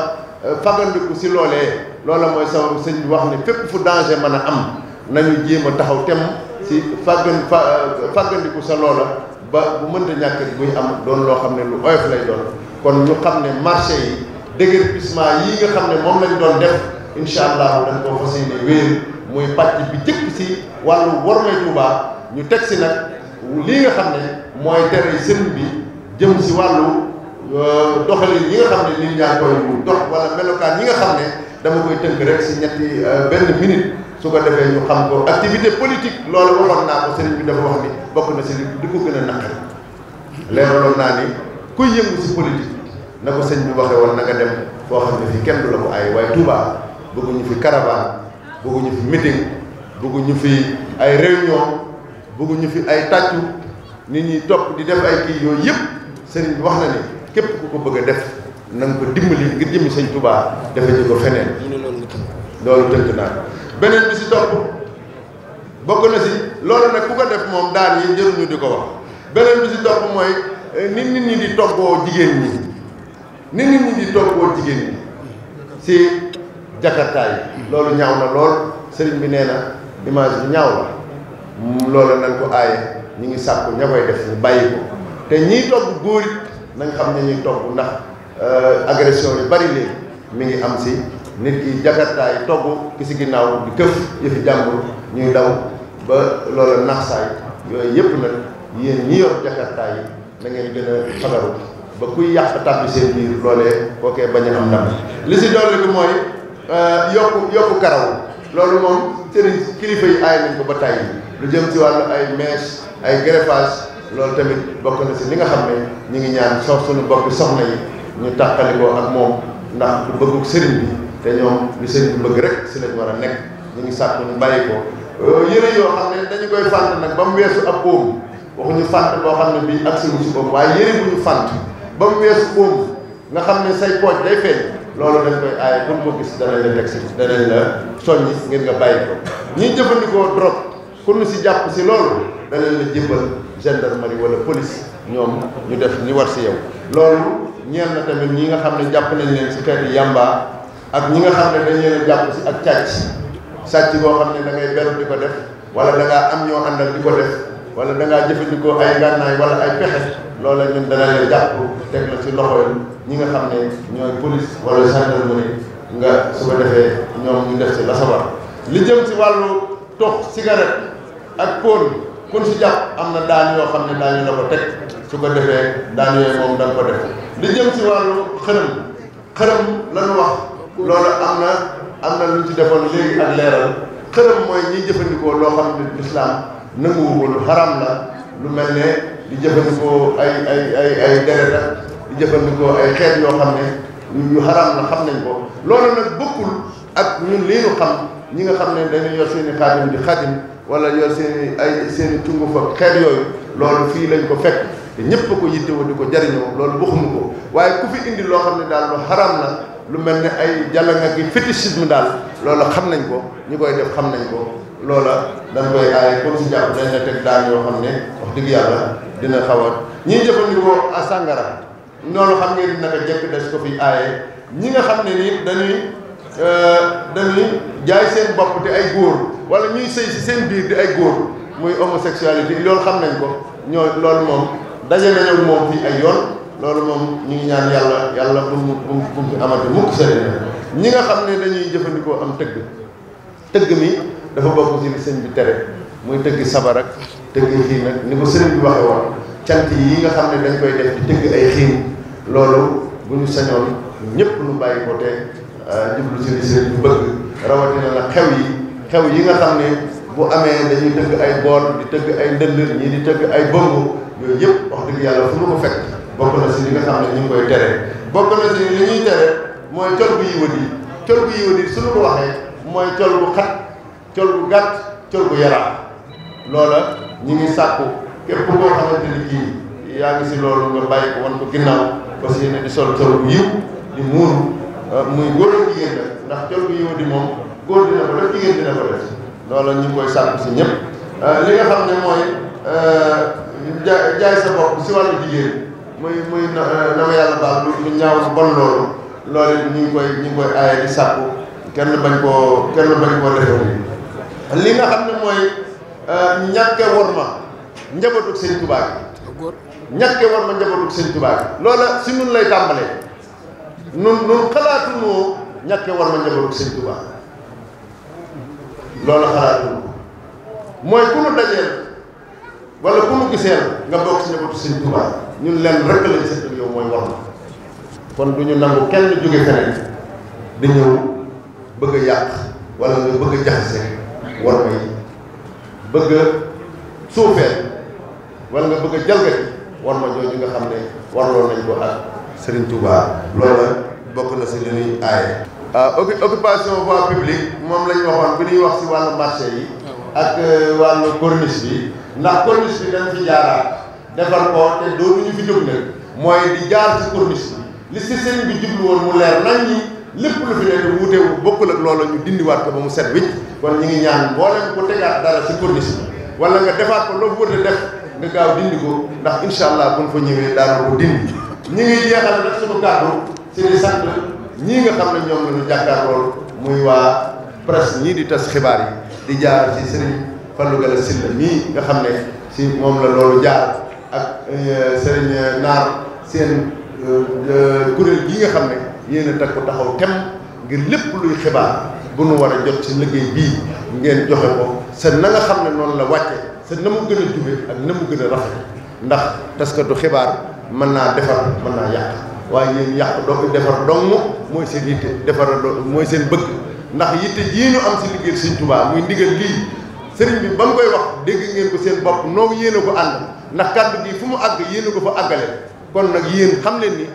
euh, fagandiku si loolee loola mooy sababu sëñ bi wax ne fépp fu danger mën a am nañu jéem a taxaw tem si faggan fa euh, faggandiku sa loola ba bu mënta ñàkk buy am doon loo xam ne lu oyof lay doon kon ñu xam ne marché yi déguerpissement yi nga xam ne moom lañ doon def incha allahu dañ koo fas yéene wéer muy pàcc bi jëkk si wàllu wormay Tuubaa ñu teg si nag lii nga xam ne mooy tere sëriñ bi jëm si wàllu euh, doxalin yi nga xam ne nit ñaa koy dox wala melokaan yi nga xam ne dama koy tënk rek si ñetti euh, benn minute su ko defee ñu xam ko activité politique loolu waxoon naa ko sëriñ bi dafa wax ni bokk na si di ko gën a naqari leeraloon naa ni kuy yëngu si politique na ko sëñ bi waxee woon na nga dem foo xam ne du la ko ay waaye Touba bëgguñu fi caravane bëgguñu fi bëgguñu fi ay réunion fi ay tàccu nit ñi topp di def ay yooyu yëpp sëriñ bi wax na ni képp ku ko bëgg a def na nga ko dimbali ngir jëmi sëñ Touba defe ko feneen loolu tënk naa beneen bi si topp bokk na si loolu nag ku ko def moom daan yi jëruñu di ko wax beneen bi si topp mooy eh, nit ñi di toggoo jigéen ñi nit nit ñi di si jakartaay loolu ñaaw na lool sëriñ bi nee na image bi ñaaw la loolu nañ ko aaye ñi ngi sàkku ña koy def ñu bàyyi ko te ñii togg góor it na nga xam ne ñuy togg ndax eh, agression yu bari léegi mi ngi am si nit ki jakartaay togg ki si ginnaaw di këf yëfi jàmbur ñuy daw ba loola nax yooyu yëpp nag yéen ñi yor jakartaay yi na ngeen gën ba kuy yàq tàbbi seen biir loolee kookee bañ a am ndam li si doole bi mooy euh, yokk yokku karaw loolu moom sëriñ kilifa yi aay nañ ko ba tàyyi lu jëm si wàllu ay mèche ay greffage loolu tamit bokk na si li nga xam ne ñu ngi ñaan sox suñu bokki soxna yi ñu tàqali ko ak moom ndax du bëgguk sëriñ bi te ñoom li sëñ bi bëgg rek si lañ war a nekk ñu ngi sàkk ñu bàyyi ko euh, yëre yoo xam ne dañu koy fànt nag ba mu weesu ab óom waxuñu fànt boo xam ne bii ak siwu si óom waaye yëre bu ñu fànt ba mu weesu óom nga xam ne say pooj day feeñ loolu dañ koy aaye buñ ko gis danañ la teg si danañ la soññi ngeen nga bàyyi ko ñiy jëfandikoo drogue ku ñu si jàpp si loolu danañ la jëmbal gendarmerie wala police ñoom ñu def ni war si yow loolu ñeel na tamit ñi nga xam ne jàpp nañ leen si xeetu yamba ak ñi nga xam ne dañ leen a jàpp si ak càcc sàcc boo xam ne da benn beru di ko def wala da am ñoo àndal di ko def wala da ngaa jëfandikoo ay ngànnaay wala ay pexe loola ñun dana leen jàpp teg la si loxo ñi nga xam ne ñooy police wala gendarmerie nga su ko defee ñoom ñu def si la sabar li jëm si wàllu tox cigarette ak poone kun si jàpp am na daan yoo xam ne daañu la ko teg su ko defee daan yooyu moom da ko def li jëm si wàllu xërëm xërëm lañu loolu am na am na lu ñu ci defoon léegi ak leeral xërëm mooy ñiy jëfandikoo loo xam ne lislaam nanguwu ko lu xaram la lu mel ne di jëfandikoo ay ay ay jëfandikoo ay xeet yoo xam ne ñu xaram la xam nañ ko loolu nag bokkul ak ñun lii ñu xam ñi nga xam ne dañuy yor seen i xaatim di xaatim wala yor seen ay seen i cunguf ak xeet yooyu loolu fii lañ ko fekk te ñëpp ko yittewoo di ko jariñoo loolu waxuñu ko waaye ku fi indi loo xam ne daal lu xaram lu mel ni ay jàllanga ki fétichisme daal loola xam nañ ko ñi koy def xam nañ ko loola dañ koy aaye comme si jàpp dañ la teg daan yoo xam ne wax dëgg yàlla dina xaw a ñiy jëfandikoo a sàngara loolu xam ngeen naka des ko fi aaye ñi nga xam ne nii dañuy euh, dañuy jaay seen bopp di ay góor wala ñuy sëy si seen biir di ay góor muy homosexualité loolu xam nañ ko ñoo loolu moom daje nañu moom fii ay yoon loolu moom ñu ngi ñaan yàlla yàlla bu mu bu mu bu mu amati mukk sëriñ ñi nga xam ne dañuy jëfandikoo am tëgg tëgg mi dafa bokk ci li sëñ tere muy tëgg sabar ak tëgg xiin ni ko sëriñ bi waxee woon cant nga xam ne dañ koy def tëgg ay xiin loolu bu ñu sañoon ñëpp lu bàyyi ko te euh, jublu ci li sëriñ bëgg rawatina nag xew yi xew yi nga xam ne bu amee dañuy tëgg ay bool di tëgg ay ndënd ñii di tëgg ay bëngu yooyu yëpp wax dëgg yàlla fu mu ko fekk bokk na si li nga xam ne ñu ngi koy tere bokk na si li ñuy tere mooy col bu yiwat yi col bu yiwat yi suñu ko mooy col bu xat col bu gàtt col bu yaraax loola ñu ngi sàkku képp koo xamante ni kii yaa ngi si loolu nga bàyyi ko wan ko ginnaaw parce que yéen di sol col bu yiw di muuru ah, muy góor ak jigéen la ndax col bu yi moom góor dina ko def jigéen ñu koy sàkku si ñëpp ah, li nga xam ne mooy ah, jaay sa bopp si wàllu jigéen muy muy na na ma yàlla baal lu ñaaw bon loolu loolu ñu ngi koy ñu ngi koy aaye di sàkku kenn bañ koo kenn bañ koo defee li nga xam ne mooy euh, ñàkke war ma njabootu sëñ Tuubaa gi ñàkke war ma njabootu sëñ Tuubaa gi loola si nun lay tàmbalee nun nun xalaatunoo ñàkke war ma njabootu sëñ Tuubaa loolu xalaatunu mooy ku nu dajeel wala ku nu giseel nga bokk si njabootu sëñ Tuubaa ñun lenn rek lañ seet ak yow mooy war na kon du ñu nangu kenn jóge feneen di ñëw bëgg a yàq wala nga bëgg a jaxase war may bëgg a suufeel nga bëgg a jalgati war ma jooju nga xam ne warloo nañ ko ak Serigne Touba loola bokk na si li aaye. ah occupation voie publique moom la ñu waxoon bi ñuy wax si wàllu marché yi. Ah, ak euh, wàllu corniche bi. ndax corniche bi dañ fi defar oo te dootuñu fi jóg nag mooy di jaar ci corniche li si sëriñ bi jublu woon mu leer nañ lépp lu fi ne te wuute wu bokkul ak loola ñu dindiwaat ko ba mu set wicc kon ñu ngi ñaan mboolem ko tegaat dara ci corniche bi wala nga defaat ko loo de def nga gaaw dindi ko ndax incha allah buñ fa ñëwee daana ko dindi ñi ngi jeexal nag suñu kàddu si di sant ñii nga xam ne ñoom la ñu jàkkaar loolu muy waa presse ñii di tas xibaar yi di jaar s sëriñ Fallou Gala Sylla mii nga xam ne si moom loolu jaar ak eh, sëriñ naar seen eh, eh, kuréel gi nga xam ne yéen a ko taxaw tem ngir lépp luy xibaar bu nu war a jot ci liggéey bii ngeen joxe ko sa na nga xam ne noonu la wàcce sa na mu gën a jube ak na mu gën a rafet ndax taskatu xibaar mën naa defar mën naa yàq waaye yéen yàq doo defar dong mooy seen yitte defar mooy seen bëgg ndax yitte yii ñu am si liggéey Sëriñ Tuubaa muy ndigal lii sëriñ bi ba mu koy wax dégg ngeen ko seen bopp noo yéen a ko ànd ndax kàddu gi fu mu àgg yéen a ko fa àggale kon nag yéen xam leen ni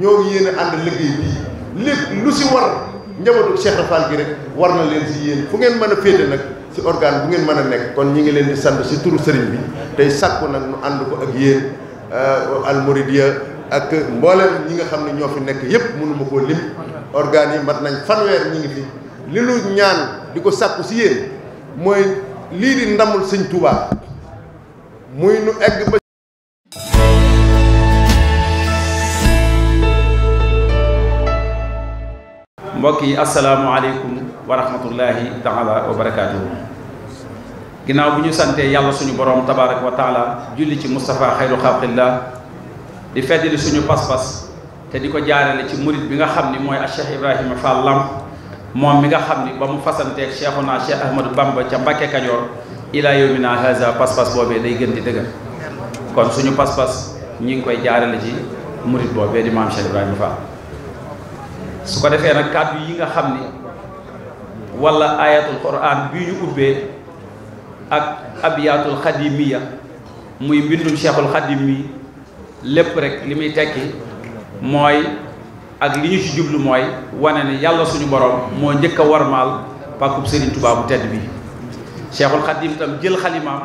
ñoo yéen a ànd liggéey bii lépp lu si war njabootu Cheikh Fall gi rek war na leen si yéen fu ngeen mën a féete nag si organe bu ngeen mën a nekk kon ñi ngi leen di sant si turu sëriñ bi tey sàkku nag nu ànd ko ak yéen euh, almouridia ak mbooleem ñi nga xam ne ñoo fi nekk yépp mënuma koo lim organ yi mat nañ fanweer ñi ngi fi li di ko sàkku si yéen lii di ndamul sëñ Touba muy nu egg ba mbokk yi asalaamualeykum wa rahmatullahi taala wa barakaatuhu ginnaaw bi ñu santee yàlla suñu borom tabaraka wa taala julli ci Moustapha xayru xalqillah di feddali suñu pas-pas te di ko jaarale ci murit bi nga xam ni mooy Cheikh Ibrahima Fall Lamp moom mi nga xam ni ba mu fasanteeg Cheikhuna Cheikh Ahmadou Bamba ca Mbacke Kajoor ilaa yawmina haza pas-pas boobee day gën di dëgër kon suñu pas-pas ñi ngi koy jaarale ci murit boobee di maam Cheikh Ibrahima Fall su ko defee nag kàddu yi nga xam ni wala ayatul quran bii ñu ubbee ak abiyatul xadimiya muy mbindum Cheikhul Xadim mi lépp rek li muy tekki mooy ak li ñu ci jublu mooy wane ni yàlla suñu borom moo njëkk a warmaal pàkkub Serigne Touba bu tedd bi Cheikhul Khadim itam jël xalimaam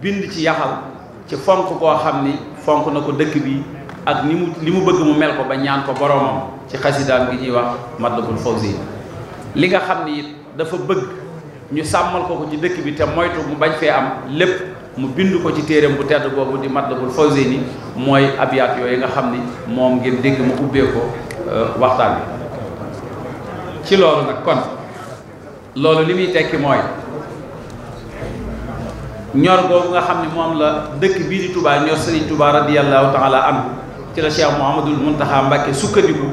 bind ci yaxal ci fonk koo xam ni fonk na ko dëkk bi ak ni mu li mu bëgg mu mel ko ba ñaan ko boromam ci xasidaan bi ñuy wax Matlabul Fawzi li nga xam ni dafa bëgg ñu sàmmal ko ko ci dëkk bi te moytu mu bañ fee am lépp mu bind ko ci téereem bu tedd boobu di Matlabul Fawzayni mooy abiyaat yooyu nga xam ni moom ngir dégg mu ubbee ko euh, waxtaan bi ci loolu nag kon loolu li muy tekki mooy ñor boobu nga xam ne moom la dëkk bii di Touba ñor Serigne Touba radiyallahu taala anhu ci la Cheikh Mouhamadul Mountakha Mbacké sukkandiku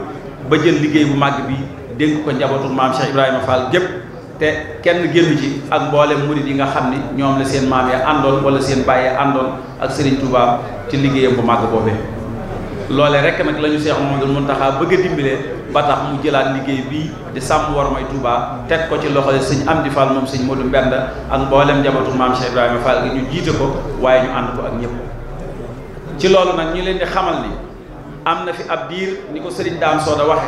ba jël liggéey bu màgg bi dénk ko njabootu maam Cheikh Ibrahima Fall gépp te kenn génnu ci ak mboolem murid yi nga xam ni ñoom la seen maam ya àndoon wala seen bàyyee àndoon ak Serigne Touba ci liggéeyam bu màgg boobee. loole rek nag la ñu Cheikh Mouhamadoul Mountakha bëgg a dimbale ba tax mu jëlaat liggéey bii di sàmm war may teg ko ci loxo sëñ Amdi Fall moom sëñ Modou Mbend ak mboolem njabootu maam Cheikh Ibrahima Fall gi ñu jiite ko waaye ñu ànd ko ak ñëpp. ci loolu nag ñu leen di xamal ni am na fi ab diir ni ko Serigne Dame Soda waxe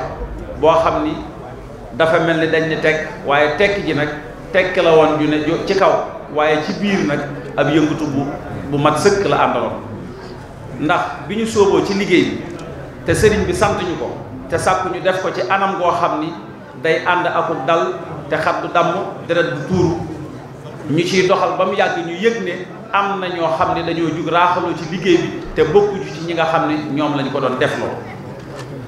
boo xam ni. dafa mel ni dañ ni teg waaye tekk ji nag tekk la woon ju ne ci kaw waaye ci biir nag ab yëngatu bu bu mat sëkk la àndaloon ndax bi ñu sóoboo ci liggéey bi te sëriñ bi sant ko te sàkku ñu def ko ci anam goo xam ni day ànd akul dal te xat du damm deret du tuuru ñu ciy doxal ba mu yàgg ñu yëg ne am na ñoo xam ne dañoo jug raaxaloo ci liggéey bi te bokkuñu ci ñi nga xam ne ñoom lañu ko doon def loolu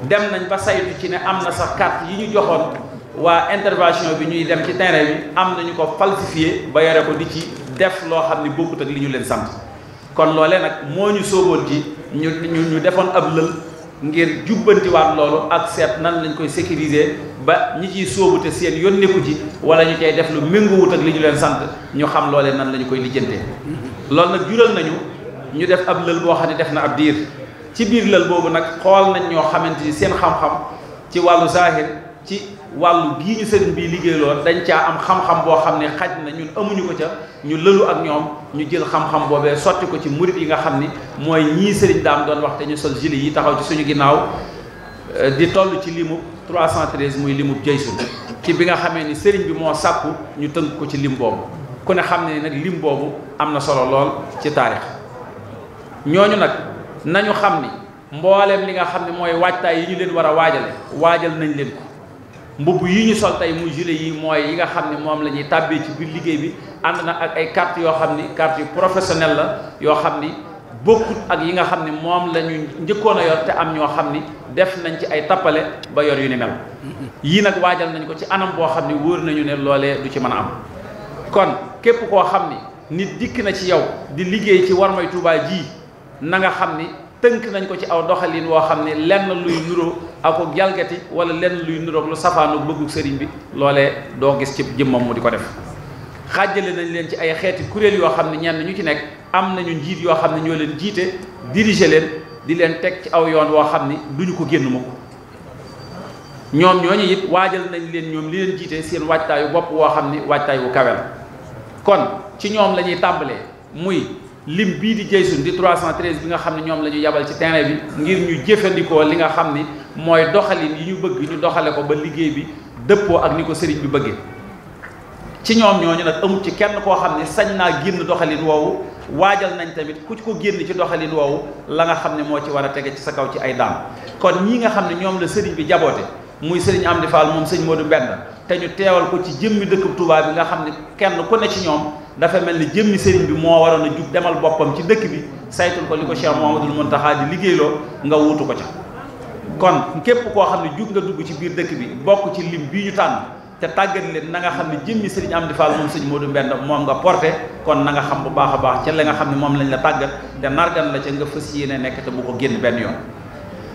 dem nañ ba saytu ci ne am na sax carte yi ñu joxoon waa intervention bi ñuy dem ci terrain bi am nañu ko falsifié ba yore ko di ci def loo xam ne bokkut ak li ñu leen sant kon loolee nag moo ñu sóoboon ci ñu ñu defoon ab lël ngir jubbantiwaat loolu ak seet nan lañ koy sécuriser ba ñi ciy soobu te seen yoon nekku ci wala ñu cay def lu méngoowut ak li ñu leen sant ñu xam loole nan la koy lijjantee loolu nag jural nañu ñu def ab lël boo xam ne def na ab diir ci biir lël boobu nag xool nañ ñoo xamante ni seen xam ci wàllu saahir ci wàllu gii ñu sëriñ bi liggéeyloo dañ caa am xam-xam boo xam ne xaj na ñun amuñu ko ca ñu lëlu ak ñoom ñu jël xam-xam boobee sotti ko ci murit yi nga xam ni mooy ñii sëriñ daam doon wax te ñu sol gilet yi taxaw ci suñu ginnaaw euh, di toll ci limu 313 muy limu jëysul ci bi nga xamee ni sëriñ bi moo sàkku ñu tënk ko ci lim boobu ku ne xam ne nag lim boobu am na solo lool ci taarix ñooñu nag nañu xam ne mbooleem li nga xam ne mooy waajtaay yi ñu leen war a waajale waajal nañ leen mbubb yi ñu sol tey mu jule yi mooy yi nga xam ne moom la ñuy tàbbee ci biir liggéey bi ànd na ak ay carte yoo xam ni carte yu professionnel la yoo xam ni bokkut ak yi nga xam ne moom la njëkkoon a yor te am ñoo xam ni def nañ ci ay tappale ba yor yu ni mel yii nag waajal nañ ko ci anam boo xam ni wóor nañu ne loolee du ci mën a am kon képp koo xam ni nit dikk na ci yow di liggéey ci war may Tuubaa ji na nga xam ni tënk nañ ko ci aw doxaliin woo xam ne lenn luy nuroo ak jalgati wala lenn luy nuroo lu safaanu bëggu sëriñ bi loolee doo gis ci jëmmam mu di ko def xàjjale nañ leen ci ay xeeti kuréel yoo xam ne ñenn ñu ci nekk am nañu njiit yoo xam ne ñoo leen jiite diriger leen di leen teg ci aw yoon woo xam ne duñu ko génn mukk ñoom ñooñu it waajal nañ leen ñoom li leen jiite seen waajtaayu bopp woo xam ni waajtaay wu kawe kon ci ñoom lañuy ñuy muy lim bii di jaysun di 313 bi nga xam ne ñoom lañu ñu yabal ci terrain bi ngir ñu jëfandikoo li nga xam ni mooy doxalin yi ñu bëgg ñu doxale ko ba liggéey bi dëppoo ak ni ko sëriñ bi bëggee ci ñoom ñooñu nag amut ci kenn koo xam ne sañ naa génn doxalin woowu waajal nañ tamit ku ko génn ci doxalin woowu la nga xam ne moo ci war a tege ci sa kaw ci ay daam kon ñii nga xam ne ñoom la sëriñ bi jaboote muy sëriñ Amdi Fall moom sëñ du benn te ñu teewal ko ci jëmmi dëkk Touba bi nga xam ne kenn ku ne ci ñoom dafa mel ni jëmmi sëriñ bi moo waroon a jug demal boppam ci dëkk bi saytul ko li ko Cheikh Mouhamadoul Mountakha di liggéeyloo nga wuutu ko ca kon képp koo xam ne jug nga dugg ci biir dëkk bi bokk ci bii ñu tànn te tàggat leen na nga xam ne jëmmi sëriñ Amdi Fall moom sëñ Modou Mbend moom nga porté kon na nga xam bu baax a baax ci la nga xam ne moom lañ la tàggat te nargan la ca nga fës yéene nekk te bu ko génn benn yoon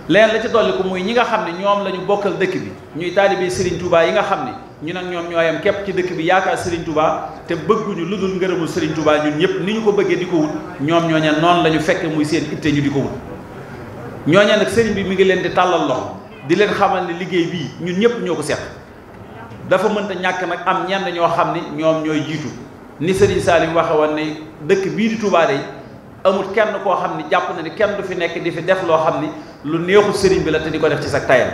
leen la ci dolli ko muy ñi nga xam ne ñoom la ñu bokkal dëkk bi ñuy taalibe sëriñ Touba yi nga xam ni ñu nag ñoom ñoo yam képp ci dëkk bi yaakaar Serigne tubaa te bëgguñu lu dul ngërëmul Serigne Touba ñun ñëpp ni ñu ko bëggee di ko wut ñoom ñooña noon la ñu fekk muy seen itte ñu di ko wut. ñooña nag Serigne bi mi ngi leen di tàllal loxo di leen xamal ne liggéey bii ñun ñëpp ñoo ko set dafa mënta ñàkk nag am ñenn ñoo xam ni ñoom ñooy jiitu ni Serigne Salim waxe woon ne dëkk bii di Touba yi amul kenn koo xam ni jàpp na ni kenn du fi nekk di fi def loo xam ni lu neexul Serigne bi la te ko def ci sa tayal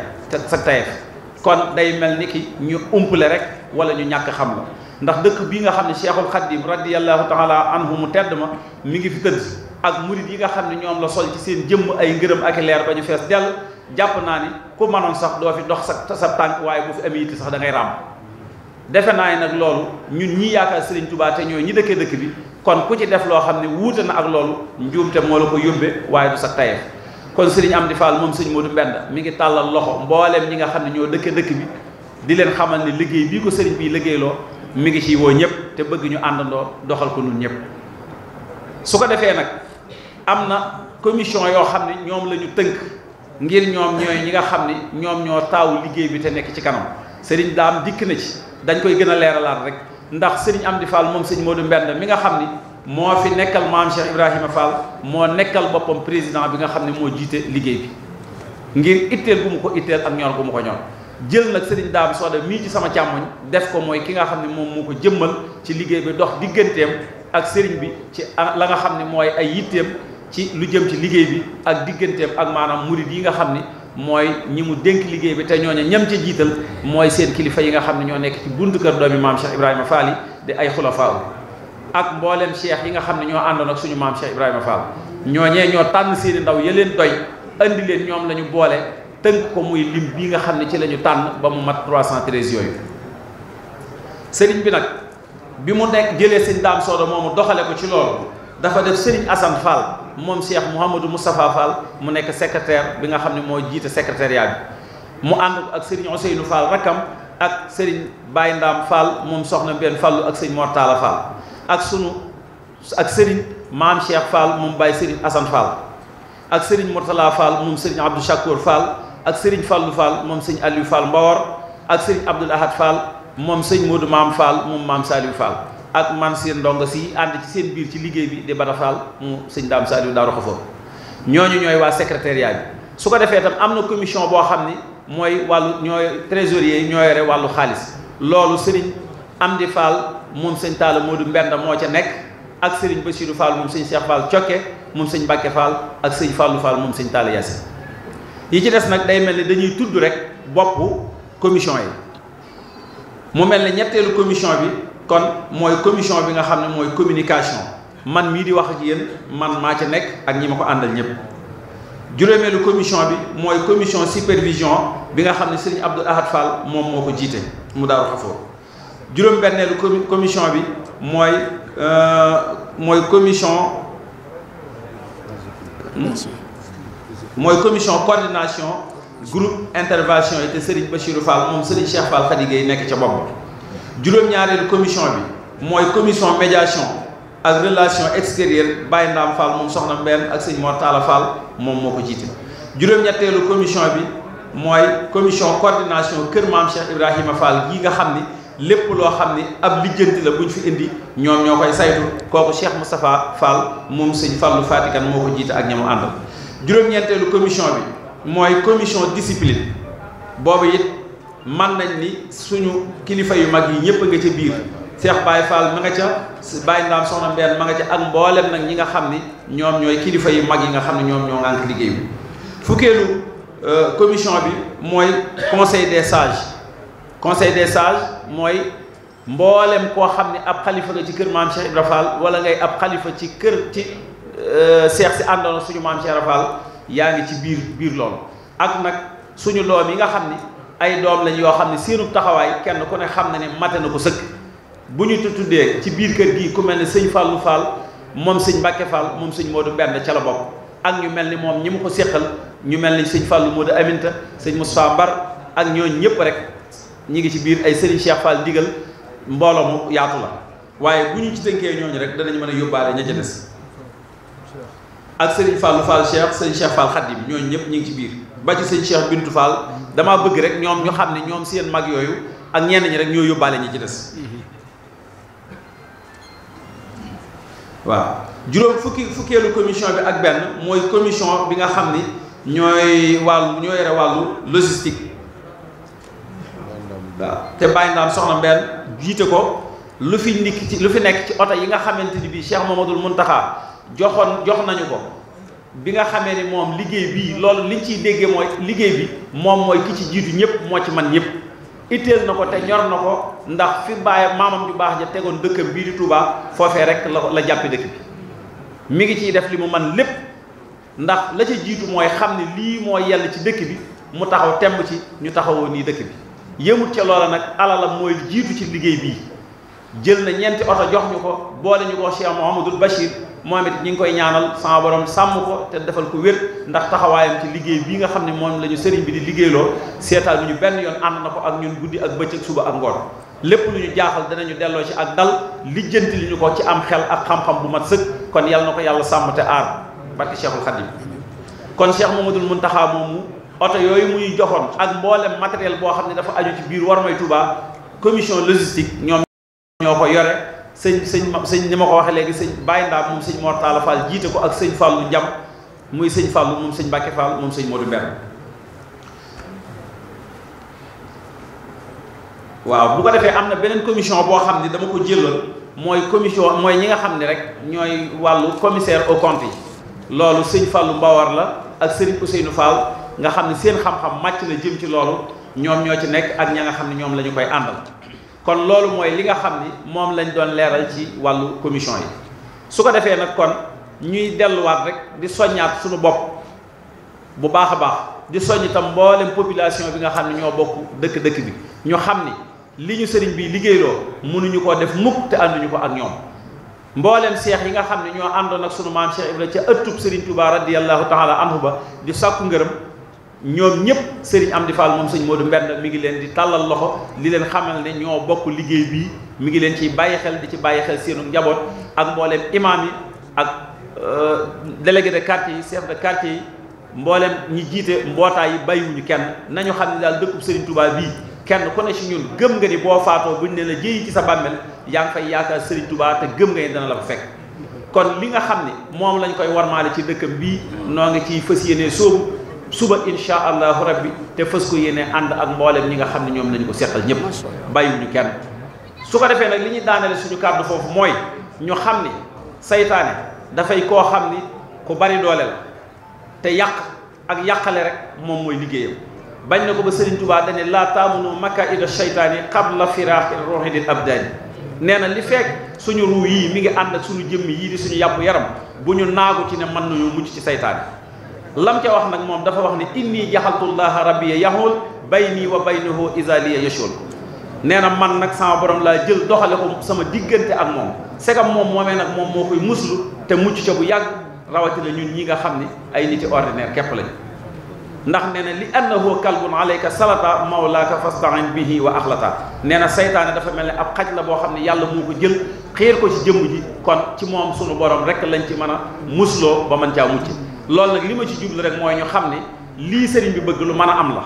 sa tayef kon day mel ni ki ñu umpale rek wala ñu ñàkk xam la ndax dëkk bii nga xam ne cheikhul xadim radiallahu taala anhu mu tedd ma mi ngi fi tëdd ak murit yi nga xam ne ñoom la sol ci seen jëmm ay ngërëm ak leer ba ñu fees dell jàpp naa ni ku mënoon sax doo fi dox sa sa tànk waaye bu fi am yitte sax dangay ngay ràmb defe naa ne nag loolu ñun ñi yaakaar Serigne Touba te ñooy ñi dëkkee dëkk bi kon ku ci def loo xam ne wuute na ak loolu njuumte moo la ko yóbbee waaye sa tayeef kon am di Fall moom sëriñ Modou Mbenda mi ngi tàllal loxo mbooleem ñi nga xam ne ñoo dëkk dëkk bi di leen xamal ne liggéey bii ko sëriñ bii liggéeyloo mi ngi ciy woo ñëpp te bëgg ñu àndandoo doxal ko ñun ñëpp su ko defee nag am na commission yoo xam ne ñoom lañu ñu tënk ngir ñoom ñooy ñi nga xam ne ñoom ñoo taawu liggéey bi te nekk ci kanam sëriñ daam dikk na ci dañ koy gën a leeralaat rek ndax am di Fall moom sëriñ Modou mbenn mi nga xam ni moo fi nekkal maam Cheikh Ibrahima Fall moo nekkal boppam président bi nga xam ne moo jiite liggéey bi ngir itteel bu mu ko itteel ak ñor gu mu ko ñor jël nag sëriñ Daam Sooda mii ci sama càmmoñ def ko mooy nga xam ne moom moo ko jëmmal ci liggéey bi dox digganteem ak sëriñ bi ci la nga xam ne mooy ay yitteem ci lu jëm ci liggéey bi ak digganteem ak maanaam murid yi nga xam ni mooy ñi mu dénk liggéey bi te ñooñu ñam jiital mooy seen kilifa yi nga xam ne ñoo nekk ci buntu kër doomi maam Cheikh Ibrahima Fall di ay xulafaaw ak mbooleem cheikh yi nga xam ne ñoo àndoon ak suñu maam Cheikh Ibrahima ñoo ñooñee ñoo tànn seeni ndaw ya leen doy andi leen ñoom lañu ñu boole tënk ko muy lim bii nga xam ne ci lañu tànn ba mu mat 313 yooyu. sëriñ bi nag bi mu nekk jëlee sëñ daam soodo moomu doxale ko ci loolu dafa def sëriñ Assane Fall moom Cheikh Mouhamadou Moustapha Fall mu nekk secrétaire bi nga xam ne moo jiite secrétariat bi mu ànd ak sëriñ Ousseynou Fall rakkam ak sëriñ Baye Ndam Fall moom soxna benn Fallu ak sëñ Mortala Fall. ak sunu ak sëriñ maam Cheikh Fall moom Baye sëriñ Assane Fall ak sëriñ Mourtala Fall moom sëriñ Abdou Chakour Fall ak sëriñ Fallou Fall moom sëriñ Aliou Fall Mbawor ak sëriñ Abdoul Ahad Fall moom sëriñ Modou Maam Fall moom maam Saliou Fall ak man seen ndongo si ànd ci seen biir ci liggéey bi di Bada Fall mu sëriñ Dame Saliou Darou Khafor ñu ñooy waa secrétariat bi su ko defee tam am na commission boo xam ni mooy wàllu ñooy trésorier ñoo yore wàllu xaalis moom sëñ moo Modou Mbenda moo ca nekk ak sëriñ Bassirou Fall moom sëñ Cheikh Fall Cokke moom sëñ Mbacke Fall ak sëñ Fallou Fall moom sëñ Talla Yacine yi ci des nag day mel ni dañuy tudd rek boppu commission yi mu mel ne ñetteelu commission bi kon mooy commission bi nga xam ne mooy communication man mii di wax ak yéen man maa ci nekk ak ñi ma ko àndal ñëpp juróomeelu commission bi mooy commission supervision bi nga xam ne sëriñ Abdoul Ahad Fall moom moo ko jiite mu daaru juróom-benneelu commission bi mooy euh, mooy commission hmm, mooy commission coordination groupe intervention yi te Serigne Bachirou Fall moom Serigne Cheikh Fall Khady Gueye nekk ca bopp juróom-ñaareelu commission bi mooy commission médiation ak relation extérieure Baye Ndam Fall moom soxna Mbène ak Serigne Mortala Fall moom moo ko jiite juróom-ñetteelu commission bi mooy commission coordination kër maam Cheikh Ibrahima Fall gi nga xam ni lépp loo xam ni ab lijjanti la buñ fi indi ñoom ñoo koy saytu kooku Cheikh Moustapha Fall moom sëñ Fallu Fatikan moo ko jiite ak ñamu àndal juróom-ñeenteelu commission bi mooy commission discipline boobu it man nañ ni suñu kilifa yu mag yi ñëpp a nga ca biir Cheikh Baye Fall ma nga ca Baye Ndaam Soxna Mbeen ma nga ak mboolem nag ñi nga xam ni ñoom ñooy kilifa yu mag yi nga xam ne ñoom ñoo liggéey bi fukkeelu euh, bi mooy conseil des sages conseil mooy mboolem koo xam ne ab xalifa la ci kër maam Cheikh Ibra Fall wala ngay ab xalifa ci kër ci euh, seex si àndoona suñu maam Cheikh Ibra yaa ngi ci biir biir lool ak nag suñu doom yi nga xam ne ay doom lañ yoo xam ne seenub taxawaay kenn ku ne xam na ne mate na ko sëkk bu ñu tuddee ci biir kër gi ku mel ni sëñ Fallou Fall moom sëñ Mbacke Fall moom sëñ Modou Benn ca la bokk ak ñu mel ni moom ñi mu ko séqal ñu mel ni sëñ Fallou Modou Aminta sëñ Moussa Mbar ak ñooñu ñëpp rek ñi ngi ci biir ay Serigne Cheikh Fall ndigal mbooloo mu yaatu la waaye bu ñu ci tënkee ñooñu rek danañ mën a yóbbaale ña ci des ak Serigne Fallou Fall Cheikh Serigne Cheikh Fall Khadim ñooñu ñëpp ñu ngi ci biir ba ci Serigne Cheikh Bintou Fall damaa bëgg rek ñoom ñu xam ne ñoom seen mag yooyu ak ñeen ñi rek ñoo yóbbaale ñi ci des waaw juróom fukki fukkeelu commission bi ak benn mooy commission bi nga xam ni ñooy wàllu ñoo yore wàllu logistique waaw te bàyyi ndaam soxna mbenn jiite ko lu fi ndikk lu fi nekk ci oto yi nga xamante ni bii Cheikh mun Muntaxa joxoon jox nañu ko bi nga xamee ni moom liggéey bii loolu liñ ciy déggee mooy liggéey bi moom mooy ki ci jiitu ñëpp moo ci man ñëpp itteel na ko te ñor na ko ndax fi bàyyi maamam ju baax ja tegoon dëkkam bii di Touba foofee rek la la jàppe dëkk bi mi ngi ciy def li mu man lépp ndax la ci jiitu mooy xam ni lii moo yell ci dëkk bi mu taxaw temb ci ñu taxawoo nii dëkk bi yëmut ca loola nag alalam mooy jiitu ci liggéey bii jël na ñeenti oto jox ñu ko boole ñu ko Cheikh Mouhamadul Bachir moom it ñi ngi koy ñaanal sama borom sàmm ko te defal ko wér ndax taxawaayam ci liggéey bii nga xam ne moom lañu ñu sëriñ bi di liggéeyloo seetaan bi ñu benn yoon ànd na ko ak ñun guddi ak bëccëg suba ak ngoon lépp lu ñu jaaxal danañu delloo ci ak dal lijjanti li ñu ko ci am xel ak xam-xam bu mat sëkk kon yàlla na ko yàlla sàmm te aar barke oto yooyu muy joxoon ak mboolem matériel boo xam ne dafa aju ci biir War may Touba commission logistique ñoom ñoo ko yore sëñ sëñ sëñ ni ma ko waxee léegi sëñ bàyyi Ndaam moom sëñ Mor Talla Fall jiite ko ak sëñ Fallou Ndiam muy sëñ Fallou moom sëñ Mbacke Fall moom sëñ Modou Mber waaw bu ko defee am na beneen commission boo xam ne dama ko jëlal mooy commission mooy ñi nga xam ni rek ñooy wàllu commissaire au compte yi loolu sëñ Fallou Mbawar la ak sëriñ Ousseynou Fall nga xam ne seen xam-xam màcc na jëm ci loolu ñoom ñoo ci nekk ak ña nga xam ne ñoom la ñu koy àndal kon loolu mooy li nga xam ni moom lañ doon leeral ci wàllu commission yi su ko defee nag kon ñuy delluwaat rek di soññaat suñu bopp bu baax a baax di soññ itam mboolem population bi nga xam ne ñoo bokk dëkk-dëkk bi ñu xam ni li ñu sëriñ bi liggéeyloo mënuñu koo def mukk te ànduñu ko ak ñoom mbooleem seex yi nga xam ne ñoo àndoon ak sunu maam Cheikh Ibrahima ca ëttub sëriñ Touba radiyallahu taala anhu ba di ngërëm ñoom ñëpp sëriñ Amdi Fall moom sëñ Modou Mbend mi ngi leen di tàllal loxo li leen xamal ne ñoo bokk liggéey bii mi ngi leen ciy bàyyi xel di ci bàyyi xel seenu njaboot ak mbooleem imaam yi ak euh, délégué de quartier yi chef de quartier yi mbooleem ñi jiite mbootaay yi bàyyiwuñu kenn nañu xam ne daal dëkkub sëriñ tubaa bii kenn ku ne si ñun gëm nga ni boo faatoo buñ ne la jëyi ci sa bàmmeel yaa ngi fay yaakaar sëriñ Touba te gëm nga ni dana la fa fekk kon li nga xam ne moom lañ koy warmaale ci dëkkam bii noo ngi ciy yéene soobu suba insha allahu rabbi te fës ko yéene ànd ak mboolem ñi nga xam ne ñoom lañu ko seqal ñëpp bàyyiwuñu kenn su ko defee nag li ñuy daanale suñu kàddu foofu mooy ñu xam ni saytaane dafay koo xam ni ku bari doole la te yàq ak yàqale rek moom mooy liggéeyam bañ na ko ba Sëriñ Tuubaa dane laa taamunu makaida shaytaani qabla firaaxi ruuxi ab abdaani nee na li fekk suñu ruu yii mi ngi ànd ak suñu jëmm yii di suñu yàpp yaram bu ñu naagu ci ne mën nañu mucc ci saytaane lam ca wax nag moom dafa wax ne inni jaxaltullaha rabbiya yaxul bayni wa baynahu isaliya yashul nee na man nag sama borom laa jël doxale ko sama diggante ak moom segam moom moomee nag moom moo koy muslu te mucc ca bu yàgg rawatina ñun ñi nga xam ni ay nit ordinaire képp lañ ndax nee na li annahu kalbun alayka salata mawlaaka fastain bihi wa axlata nee na saytaane dafa mel ni ab xaj la boo xam ne yàlla moo ko jël xiir ko ci jëmm ji kon ci moom sunu borom rek lañ ci mën a musloo ba mën caa mucc loolu nag li ma ci jublu rek mooy ñu xam ne lii sëriñ bi bëgg lu mën a am la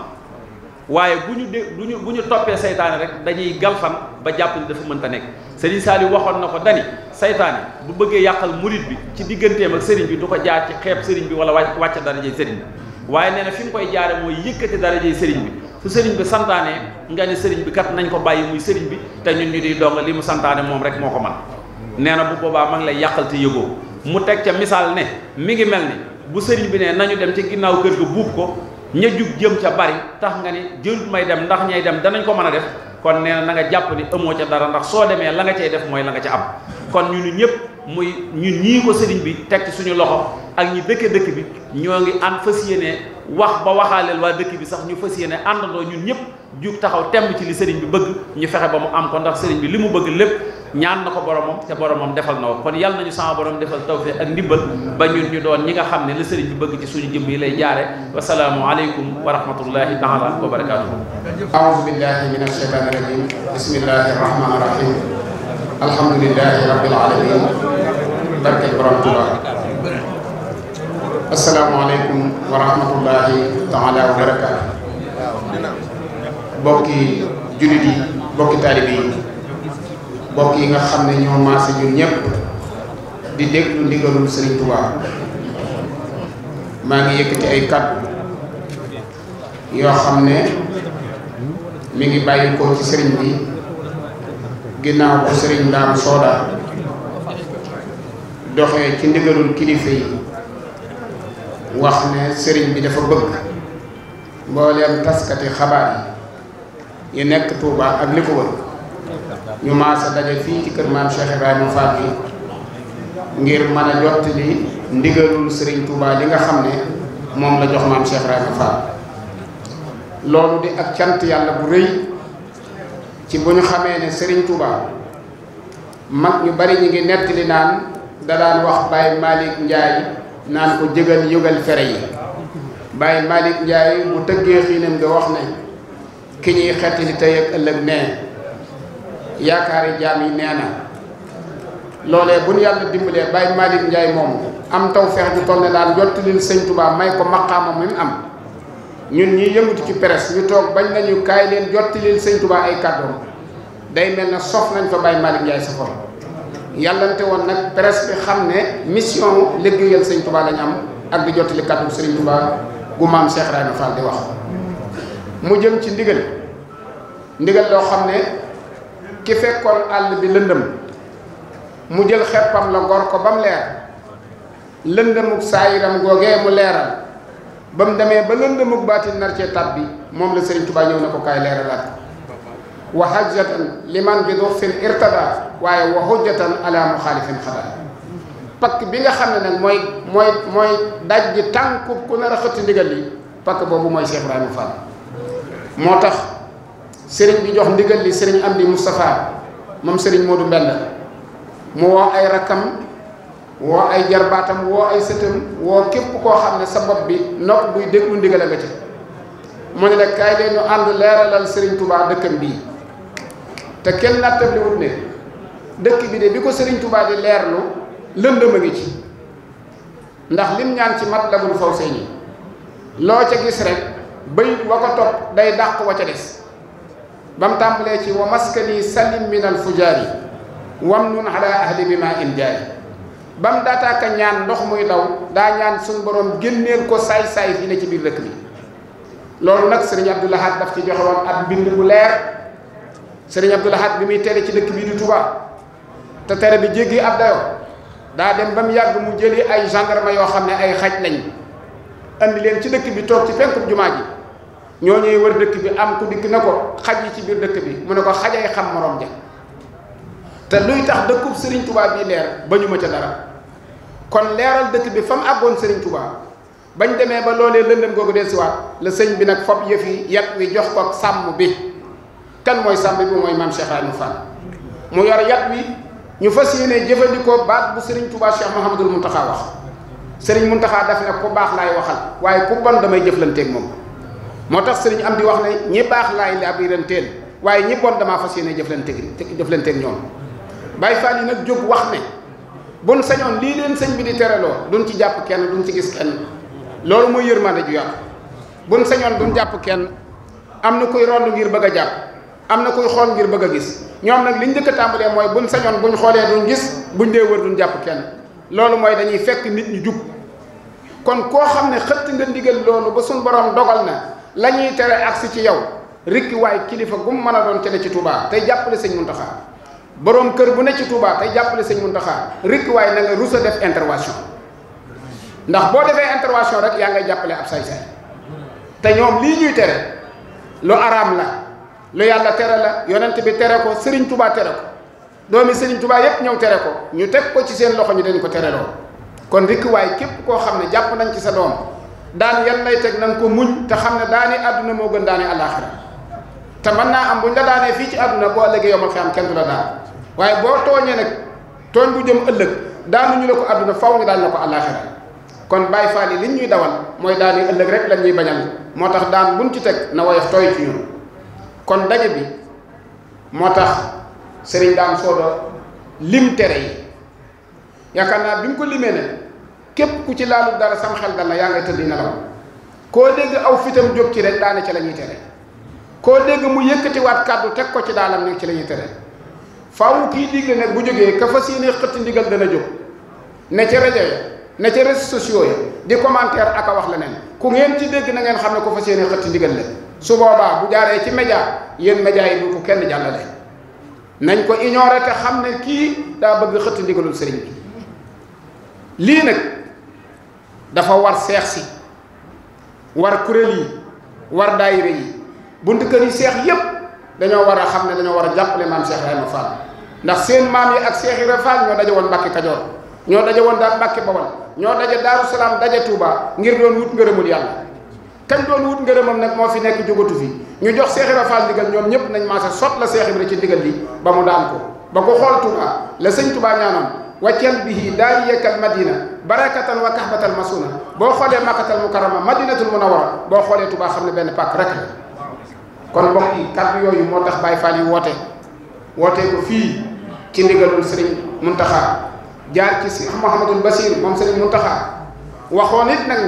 waaye bu ñu dé bu ñu bu ñu toppee saytaane rek dañuy galfan ba jàpp ni dafa mënta nekk sëriñ Saliou waxoon na ko dani seytaane bu bëggee yàqal murit bi ci digganteem ak sëriñ bi du ko jaar ci xeeb sëriñ bi wala wàcc darajey sëriñ bi waaye nee na fi mu koy jaare mooy yëkkati darajey sëriñ bi su sëriñ bi santaanee nga ne sëriñ bi kat nañ ko bàyyi muy sëriñ bi te ñun ñu di dong li mu santaane moom rek moo ko man nee na bu boobaa ma ngi lay yàqal te yëgoo mu teg ca misaal ne mi ngi mel ni bu sëriñ bi nee nañu dem ci ginnaaw kër ga buub ko ña jug jëm ca bari tax nga ni jërut may dem ndax ñay dem danañ ko mën a def kon nee na na nga jàpp ni amoo ca dara ndax soo demee la nga cay def mooy la nga ca am kon ñu ñun ñëpp muy ñun ñii ko sëriñ bi teg ci suñu loxo ak ñi dëkke dëkk bi ñoo ngi ànd fas yéene wax ba waxaaleel waa dëkk bi sax ñu fas yéene àndandoo ñun ñëpp jub taxaw temb ci li sëriñ bi bëgg ñu fexe ba mu am ndax sëriñ bi li mu bëgg lépp ñaan na ko boromam te boromam defal na ko kon yàlla nañu sama borom defal tawfiq ak ndimbal ba ñun ñu doon ñi nga xam ne la sëriñ bi bëgg ci suñu jëmm lay jaare wasalaamu salaam wa rahmatullahi taala wa barakaatuhu aoudu billahi min asheytaan rajim bismillahi rahmani bokki jullit bokki taalibe bokk yi nga xam ne ñoo maase ñun ñépp di déglu ndigalul Sëriñ Tuubaa maa ngi yëkkati ay kàddu yoo xam ne mi ngi bàyyi ko ci sëriñ bi ginnaaw bu sëriñ Ndaam Sooda doxee ci ndigalul kilifa yi wax ne sëriñ bi dafa bëgg mbooleem taskati xabaar yi nekk Tuubaa ak li ñu maasa daje fii ci kër maam Cheikh Ibrahima Fall bi ngir mën a jottali ndigalul sëriñ Touba li nga xam ne moom la jox maam Cheikh Ibrahima Fall loolu di ak cant yàlla bu rëy ci bu ñu xamee ne sëriñ Touba mag ñu bari ñu ngi nettali naan da daan wax Baye Malick Ndiaye naan ko jëgal yëgal fere yi Baye Malick Ndiaye mu tëggee xiinam nga wax ne ki ñuy xettali tey ak ëllëg nee yaakaari jaam yi nee na loolee bu nu yàlla dimbalee Baye Malick Ndiaye moomu am taw feex ju toll ne daal jottalil sëñ Touba may ko maqaama mi mu am ñun ñi yëngatu ci presse ñu toog bañ nañu kaay leen jottalil sëñ Touba ay kàddoom day mel na sof nañ fa Baye Malick Ndiaye sa xol yàllante woon nag presse bi xam ne mission liggéeyal sëñ Touba lañ am ak di jottali kàddu sëriñ Touba gu maam Cheikh Rahima Fall di wax mu jëm ci ndigal ndigal loo xam ne. ki fekkoon àll bi lëndëm mu jël xeppam la ngor ko ba mu leer lëndëmuk saayiram googee mu leeral ba mu demee ba lëndëmuk baatin nar cee tab bi moom la Sëriñ Tuubaa ñëw na ko kaay leeralaat wa hajjatan liman bi duxfin irtada waaye wa hujjatan ala muxaalifin pakk bi nga xam ne nag mooy mooy mooy daj ji tànku ku nar a xëtt ndigal li pakk boobu mooy Cheikh Ibrahima Fall moo tax sëriñ bi jox ndigal li sëriñ Amdi Moustapha moom sëriñ Modou la mu woo ay rakkam woo ay jarbaatam woo ay sëtam woo képp koo xam ne sa bopp bi nopp buy déglu ndigal a nga ci mu ne nag kaay leen ñu ànd leeralal sëriñ Touba dëkkam bii te kenn nattab li ne dëkk bi de bi ko sëriñ Touba di leerlu lëndëm a ngi ci ndax lim ñaan ci mat labul faw seen yi loo ca gis rek bay wa ko topp day dàq wa ca des ba mu ci wa maskani salim min al fujaari wam nun ala ahli bi ma in jaari ba mu ñaan ndox muy daw daa ñaan suñu borom génneel ko saay-saay fii ne ci biir dëkk bi loolu nag sëriñ Abdou Lahad daf ci joxe woon ab mbind bu leer sëriñ Abdou Lahad bi muy tere ci dëkk bii di Touba te tere bi jéggi ab dayo daa dem ba yàgg mu jëli ay gendarme yoo xam ne ay xaj lañ andi leen ci dëkk bi toog ci penku jumaa ji ñoo ñooñuy wër dëkk bi am ku dikk na ko xaj yi ci biir dëkk bi mu ne ko xaj xajay xam morom ja te luy tax dëkku Serigne Touba bii leer ba ñu ma ca dara kon leeral dëkk bi fa mu àggoon Serigne Touba bañ demee ba loolee lëndëm googu dellusiwaat la sëñ bi nag fob yëf yi yat wi jox ko ak sàmm bi kan mooy sàmm bi mooy maam Cheikh Aliou Fall mu yor yat wi ñu fas yéene jëfandikoo baat bu Serigne Touba mu Mouhamadul Mountakha wax Serigne Mountakha daf ne ku baax laay waxal waaye ku bon damay jëflanteeg moom. moo tax sëriñ am di wax ne ñi baax laay la ab renteel waaye ñi bon damaa fas yéene jëflanteeg jëflanteeg ñoom Baye Fall yi nag jóg wax ne buñ sañoon lii leen sëñ bi di tere tereloo duñ ci jàpp kenn duñ ci gis kenn loolu mooy yërmande ju yàqu buñ sañoon duñ jàpp kenn am na kuy rond ngir bëgg a jàpp am na kuy xool ngir bëgg a gis ñoom nag liñ njëkk a tàmbalee mooy buñ sañoon buñ xoolee duñ gis buñ dee wër duñ jàpp kenn loolu mooy dañuy fekk nit ñu jub kon koo xam ne xëtt nga ndigal loolu ba suñ borom dogal na la ñuy tere agsi ci yow rikki kilifa gum mën a doon ca ne ci Touba tey jàppale sëñ Muntaxa boroom kër bu ne ci Touba tey jàppale sëñ Muntaxa rikki waay na nga rusa def intervention ndax boo defee intervention rek yaa ngay jàppale ab say-say te ñoom lii ñuy tere lu araam la lu yàlla tere la yonent bi tere ko Serigne Touba tere ko doomi Serigne Touba yépp ñëw tere ko ñu teg ko ci seen loxo ñu dañ ko tere lool kon rikki képp koo xam ne jàpp nañ ci sa doom daan yan lay teg nan ko muñ te xam ne daani àdduna moo gën daani àllaaxira te mën naa am buñ la daanee fii ci àdduna boo ëllëgee yomal fi am kenn du la daan waaye boo tooñee nag tooñ bu jëm ëllëg daanuñu la ko àdduna faw ñu daan la ko àllaaxira kon bàyyi faal yi liñ ñuy dawal mooy daani ëllëg rek lañ ñuy moo tax daan buñ ci teg na woyof tooy ci kon daje bi moo tax sëriñ daam soodo lim tere yi yaakaar naa bi mu ko limee ne képp ku ci laalu dara sam xel dal na yaa ngay tëdd nelaw koo dégg aw fitam jóg ci rek daane ci la ñuy tere koo dégg mu yëkkatiwaat kàddu teg ko ci daalam nekk ci lañuy ñuy tere faaw kii digle nag bu jógee ka fas yéene xëtt ndigal dana jóg ne ca rajo ya ne ca réseaux sociaux ya di commentaire ak a wax leneen ku ngeen ci dégg na ngeen xam ne ko fas yéene xëtt ndigal la su boobaa bu jaaree ci média yéen média yi du ko kenn jàllale nañ ko ignorer te xam ne kii daa bëgg xëtt ndigalul sëriñ dafa war seex si war kuréel yi war daayira yi buntu kër yi seex yépp dañoo war a xam ne dañoo war a jàppale maam Cheikh Ibrahima Fall ndax seen maam yi ak Cheikh Ibrahima Fall ñoo daje woon Mbàkke Kajoor ñoo daje woon daal Mbàkke Bawol ñoo daje Daaru Salaam daje Touba ngir doon wut ngërëmul yàlla kañ doon wut ngërëmam nag moo fi nekk jógatu fi ñu jox Cheikh Ibrahima Fall ndigal ñoom ñëpp nañ maasa sot la Cheikh Ibrahima ci ndigal li ba mu daan ko ba ko xool Touba la sëñ Touba ñaanoon waccal bihi daayiyakal madina barakatan wa kahbatal masuna boo xoolee makkatal mukarrama madinatul munawwara boo xoolee Tuubaa xam ne benn pàkk rek la kon mbokk yi kàddu yooyu moo tax Baay Faal woote woote fii ci ndigalul Serigne Mountakha jaar ci Cheikh Mouhamadul Basir moom Serigne Mountakha waxoon it nag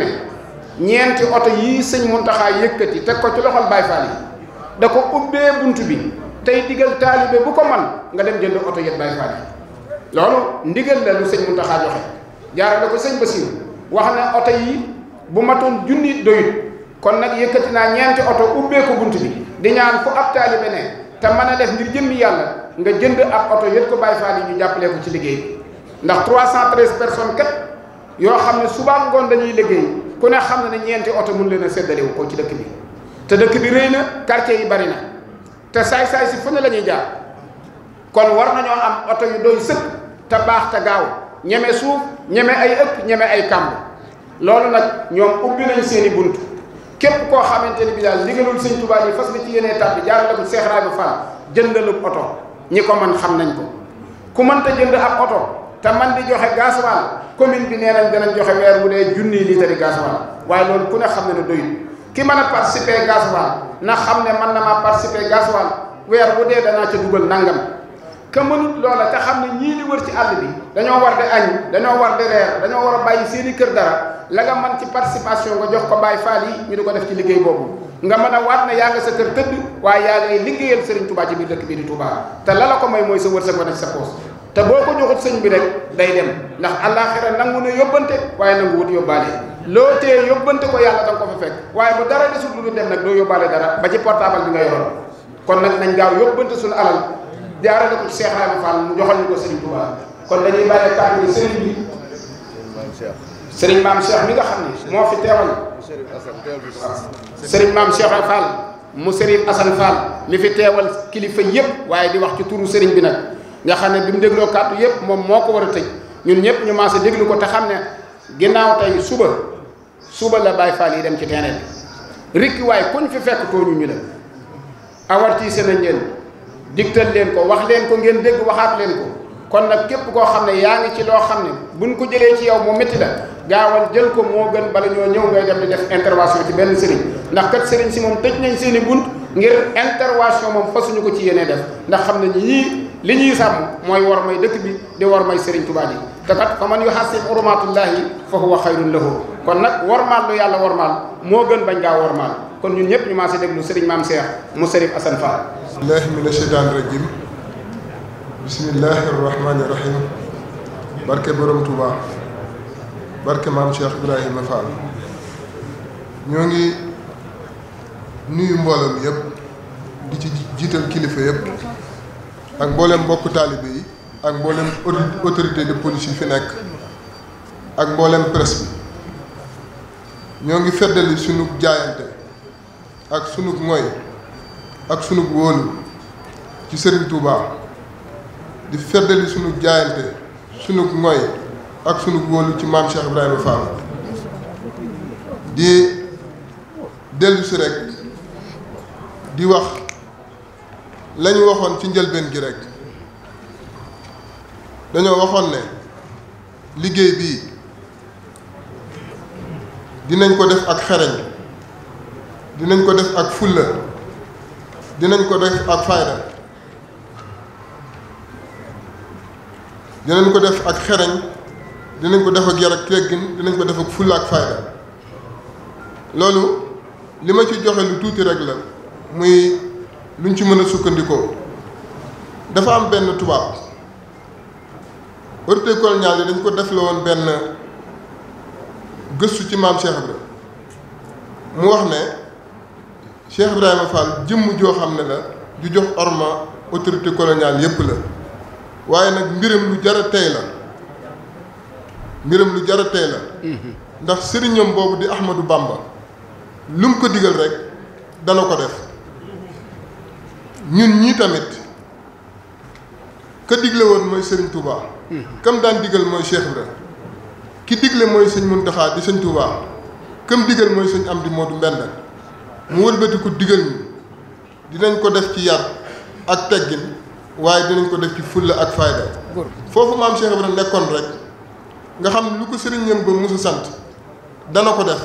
ñeenti oto yii sëñ Mountakha yëkkati teg ko ci loxol Baay Faal yi da ko ubbee bunt bi tey digal taalibe bu ko man nga dem jënd oto yet Baay Faal loolu ndigal la lu sëñ Muntaxa joxe jaarale ko sëñ Basiir wax na oto yi bu matoon junni doyut kon nag yëkkati naa ñeenti oto ubbee ko bunt bi di ñaan fu ab taalibe ne te mën a def ngir jëmmi yàlla nga jënd ab oto yët ko Baay Faal yi ñu jàppale ko ci liggéey bi ndax 313 personnes kat yoo xam ne subaa ngoon dañuy liggéey ku ne xam ne ne ñeenti oto mun leen a séddalewu ko ci dëkk bi te dëkk bi rëy na quartier yi bari na te saay-saay si fu ne la ñuy jaar kon war nañoo am oto yu doy te baax te gaaw ñeme suuf ñeme ay ëpp ñeme ay kàmb loolu nag ñoom ubbi nañ seen i bunt képp koo xamante ni bi daal ndigalul sëñ Tuubaa yi fas na ci yéenee tàbbi jaarale bu Seex Rajo Fall jëndalub oto ñi ko man xam nañ ko ku mënta jënd ab oto te man di joxe gasoil commune bi nee nañ danañ joxe weer bu dee junniy litre yi gasoil waaye loolu ku ne xam ne ne doyul ki mën a participer gasoil na xam ne man na maa participer gasoil weer bu dee danaa ca dugal nangam ka mënut loola te xam ne ñii li wër ci àll bi dañoo war di añ dañoo war di dañoo war a bàyyi seeni kër dara la nga man ci participation nga jox ko Baay Faal yi ñu di ko def ci liggéey boobu nga mën a waat ne yaa nga sa kër tëdd waaye yaa ngay liggéeyal Serigne Touba ci biir dëkk bii di Touba te la la ko may mooy sa wërsëg wane sa poos te boo ko joxut sëñ bi rek day dem ndax àllaaxira nangu na yóbbante waaye nangu wut yóbbaale loo tee yóbbante ko yàlla danga ko waaye bu dara desul lu dul dem nag doo yóbbaale dara ba ci portable bi nga yoroon kon nag nañ gaaw yóbbante suñu alal jaarale ko Cheikh Rama Fall mu joxal ñu ko Serigne Touba kon dañuy bàyyi kàddu gi Serigne bi maam Cheikh mi nga xam ne moo fi teewal Serigne maam Cheikh Fall mu Serigne Assane Fall mi fi teewal kilifa yëpp waaye di wax ci turu Serigne bi nag nga xam ne bi mu dégloo kàddu yëpp moom moo ko war a tëj ñun ñëpp ñu maase déglu ko te xam ne ginnaaw tey suba suba la Baye Fall yi dem ci terrain bi rikki waaye kuñ fi fekk tooñu ñu la awartiise nañ leen. digtal leen ko wax leen ko ngeen dégg waxaat leen ko kon nag képp koo xam ne yaa ngi ci loo xam ne buñ ko jëlee ci yow mu métti la gaawal jël ko moo gën bala ñoo ñëw ngay dem di def intervention ci benn sëriñ ndax kat sëriñ si moom tëj nañ seen i bunt ngir intervention moom fasuñu ko ci yéenee def ndax xam ne ñii li ñuy sàmm mooy war may dëkk bi di war may sëriñ Tuubaa ji te kat fa man yu xasib urmatullahi fa huwa xayrun lahu kon nag war warmaal lu yàlla warmaal moo gën bañ ngaa warmaal kon ñun ñëpp ñu maa déglu sëriñ maam Cheikh mu sëriñ Assane Fall الله من الشيطان الرجيم بسم الله الرحمن الرحيم barke borom Touba barke maam Cheikh Ibrahima Fall ñoo ngi nuyu mboolem yépp di ci jiital kilifa yëpp ak mboolem mbokk taalibe yi ak mboolem autorité de police yi fi nekk ak mboolem presse bi ñoo ngi feddali sunu jaayante ak sunu mooy. ak sunu wóolu ci Serigne Touba di feddali sunu jaayante sunu ngoy ak sunu wóolu ci maam Cheikh Ibrahima Fall di dellu si rek di wax la waxoon ci njëlbeen gi rek dañoo waxoon ne liggéey bii dinañ ko def ak xereñ dinañ ko def ak fulla dinañ ko def ak fayda dinañ ko def ak xereñ dinañ ko def ak yar ak teggin dinañ ko def ak fulla ak fayda loolu li ma ci joxe lu tuuti rek la muy luñ ci mën a sukkandikoo dafa am benn tubaab horticulture yi dañ ko def la woon benn gëstu ci maam Cheikh mu wax ne Cheikh Ibrahima Fall jëmm joo xam ne la ju jox orma autorité coloniale yépp la waaye nag mbiram lu jar a tey la mbiram lu jar a tey la ndax sëriñam boobu di Ahmadou Bamba lu mu ko digal rek dana ko def ñun ñii tamit ka digle woon mooy sëriñ Touba kam daan digal mooy Cheikh Ibra ki digle mooy sëñ Muntaxa di sëñ Touba kam digal mooy sëñ Amdi Moodu Mbenda mu wëlbati ko digal ñu dinañ ko def ci yar ak teggin waaye dinañ ko def ci fulla ak fayda foofu maam Cheikh Ibrahima nekkoon rek nga xam ne lu ko sëriñ ñam ba musu sant dana ko def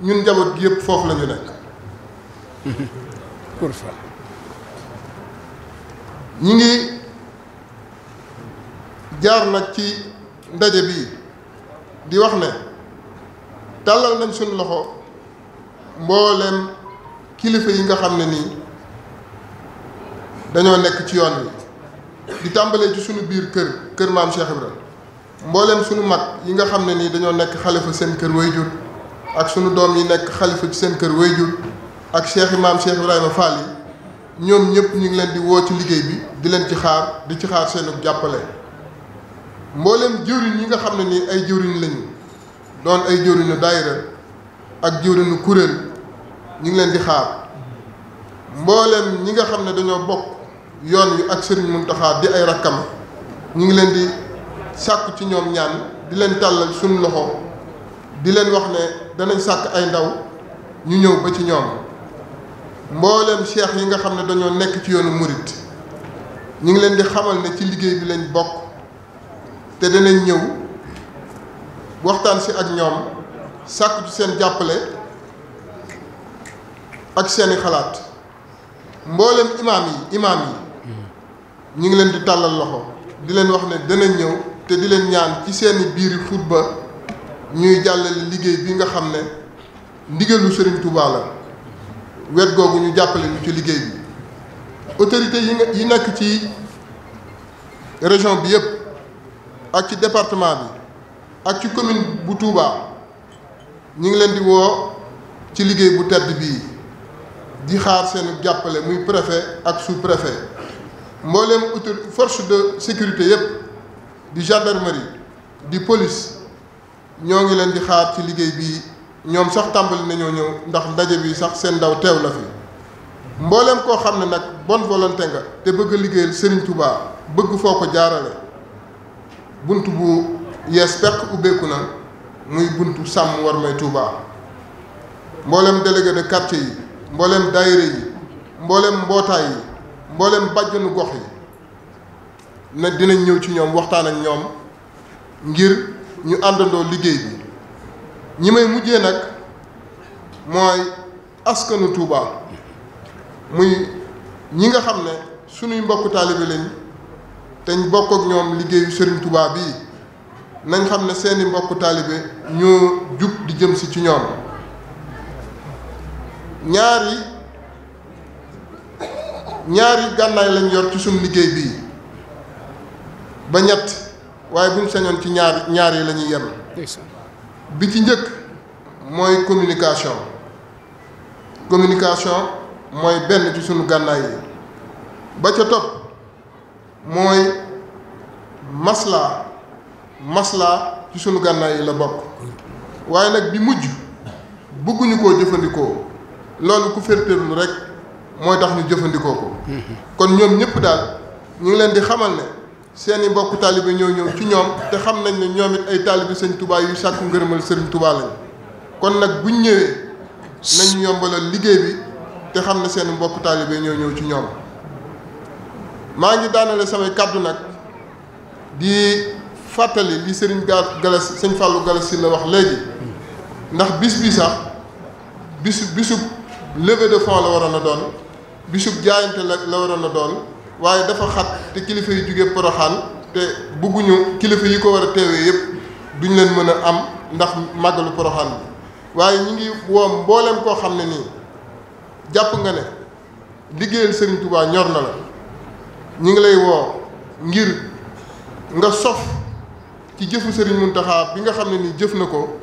ñun njaboot gi yëpp foofu la ñu nekk ñi ngi jaar nag ci ndaje bii di wax ne tàllal nañ suñu loxo mbooleem kilifa yi nga xam ne nii dañoo nekk ci yoon wi di tàmbalee ci suñu biir kër kër maam Cheikh Ibra mbooleem suñu mag yi nga xam ne nii dañoo nekk xalifa seen kër wayjur ak sunu doom yi nekk xalifa ci seen kër wayjur ak cheikh yi maam Cheikh Ibrahima Fall yi ñoom ñëpp ñu ngi leen di woo ci liggéey bi di leen ci xaar di ci xaar seenu jàppale mbooleem jëwriñ yi nga xam ne nii ay jëwriñ lañu doon ay jëwriñu daayira ak jëwriñu kuréel ñu ngi leen di xaar mbooleem ñi nga xam ne dañoo bokk yoon yu ak Serigne Mountakha di ay rakkam ñu ngi leen di sàkku ci ñoom ñaan di leen tàllal suñu loxo di leen wax ne danañ sàkk ay ndaw ñu ñëw ba ci ñoom mbooleem cheikh yi nga xam ne dañoo nekk ci yoonu murit ñu ngi leen di xamal ne ci liggéey bi lañ bokk te danañ ñëw waxtaan si ak ñoom sàkku ci seen jàppale ak seeni xalaat mboolem imaam yi imaam yi ñu ngi leen di tàllal loxo di leen wax ne dana ñëw te di leen ñaan ci seeni biiri xutba ñuy jàllale liggéey bi nga xam ne ndigalu Serigne Touba la wet googu ñu jàppale ñu ci liggéey bi autorité yi nekk ci région bi yépp ak ci département bi ak ci commune bu Touba ñu ngi leen di woo ci liggéey bu tedd bii di xaar seeni jàppale muy préfet ak sous-préfet mbooleem outil force de sécurité yépp di gendarmerie di police ñoo ngi leen di xaar ci liggéey bi ñoom sax tàmbali nañoo ñëw ndax ndaje bi sax seen ndaw teew na fi mbooleem koo xam ne nag bonne volonté nga te bëgg a liggéeyal Serigne Touba bëgg foo ko jaarale bunt bu yees peq ubbeeku na muy buntu sàmm war may Touba mbooleem délégué de quartier yi mboolem daayira yi mboolem mbootaay yi mboolem bàjjanu gox yi na dinañ ñëw ci ñoom waxtaan ak ñoom ngir ñu àndandoo liggéey bi ñi may mujjee nag mooy askanu Touba muy ñi nga xam ne suñuy mbokku taalibe lañ te ñu ñoom liggéeyu Serigne tubaab yi nañ xam ne seeni mbokku taalibe ñoo jug di jëm si ci ñoom. ñaari ñaari gànnaay lañ yor ci suñu liggéey bii ba ñett waaye buñ sañoon ci ñaar ñaar yi la yem bi ci njëkk mooy communication communication mooy benn ci suñu gànnaay yi ba ca topp mooy maslaa maslaa ci sunu gànnaay yi la bokk waaye nag bi mujj bëgguñu koo jëfandikoo loolu ku féerteerlu rek mooy tax ñu jëfandikoo ko. kon ñoom ñëpp daal ñu ngi leen di xamal ne seen i mbokku taalibe ñoo ñëw ci ñoom te xam nañ ne ñoom it ay taalibe sëñ Touba yu sàkku ngërëmal sëriñ Touba lañ kon nag buñ ñëwee nañ yombalal liggéey bi te xam ne seen mbokku taalibe ñoo ñëw ci ñoom maa ngi daanale samay kàddu nag di fàttali li sëriñ Ga Galas sëñ Fallou Galas si la wax léegi ndax bis bi sax bisu bisu. levée de la waroon a doon bisub jaayante la la waroon a doon waaye dafa xat te kilifa yi jóge poroxaan te bëgguñu kilifa yi ko war a teewee yëpp duñ leen mën a am ndax màggalu poroxaan bi waaye ñi ngi woom mbooleem koo xam ne nii jàpp nga ne liggéeyal Serigne Touba ñor na la ñi ngi lay woo ngir nga sof ci jëfu Serigne Mountakha bi nga xam ne nii jëf na ko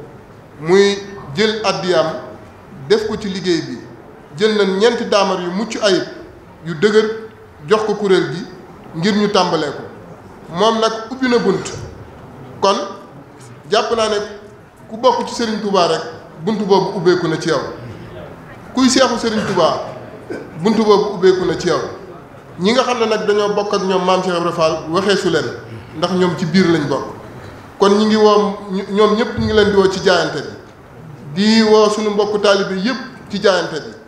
muy jël àddiyaam def ko ci liggéey bi jël nañ ñeenti daamar yu mucc ayib yu dëgër jox ko kuréel gi ngir ñu tàmbalee ko moom nag ubbi na bunt kon jàpp naa ne ku bokk ci sëriñ Touba rek bunt boobu ubbeeku na ci yow kuy seexu sëriñ tubaa bunt boobu ubbeeku na ci yow ñi nga xam ne nag dañoo bokk ak ñoom maam Cheikh Ibra Fall waxee su leen ndax ñoom ci biir lañ bokk kon ñi ngi woo ñoom ñëpp ñu ngi leen di woo ci jaayante bi di woo suñu mbokku taalibe yëpp ci jaayante bi.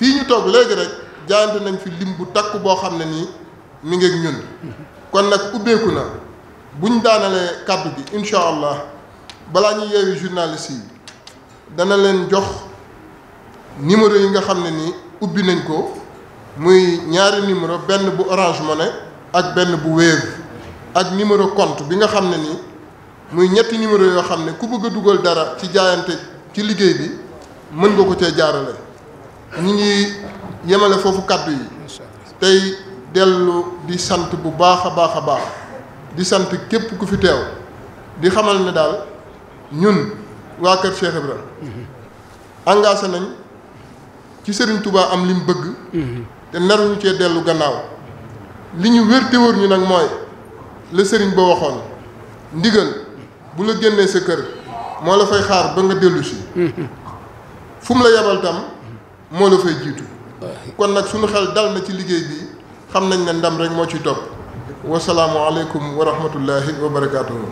fii ñu toog léegi rek jaante nañ fi lim bu takk boo xam ne nii mi ñun kon nag ubbeeku na buñ daanalee kàddu bi incha allah balaa ñu yeewi journaliste yi dana leen jox numéro yi nga xam ne nii ubbi nañ ko muy ñaari numéro benn bu Orange Money ak benn bu Wave ak numéro compte bi nga xam ne nii muy ñetti numéro yoo xam ne ku bëgg a dugal dara ci jaayante ci liggéey bi mën nga ko cee jaarale ñi ngi yemale foofu kàddu yi tey dellu di sant bu baax a baax a baax di sant képp ku fi teew di xamal ne daal ñun waa kër Cheikh Ibra engagé nañ ci sëriñ Touba am lim bëgg te naruñu cee dellu gannaaw li ñu wér te wër ñu nag mooy la sëriñ ba waxoon ndigal bu la génnee sa kër moo la fay xaar ba nga dellu si la yabal tam moo la fay jiitu kon nag suñu xel dal na ci liggéey bi xam nañ ne ndam rek moo ci topp wasalaamualeykum wa rahmatullahi wa barakaatuhu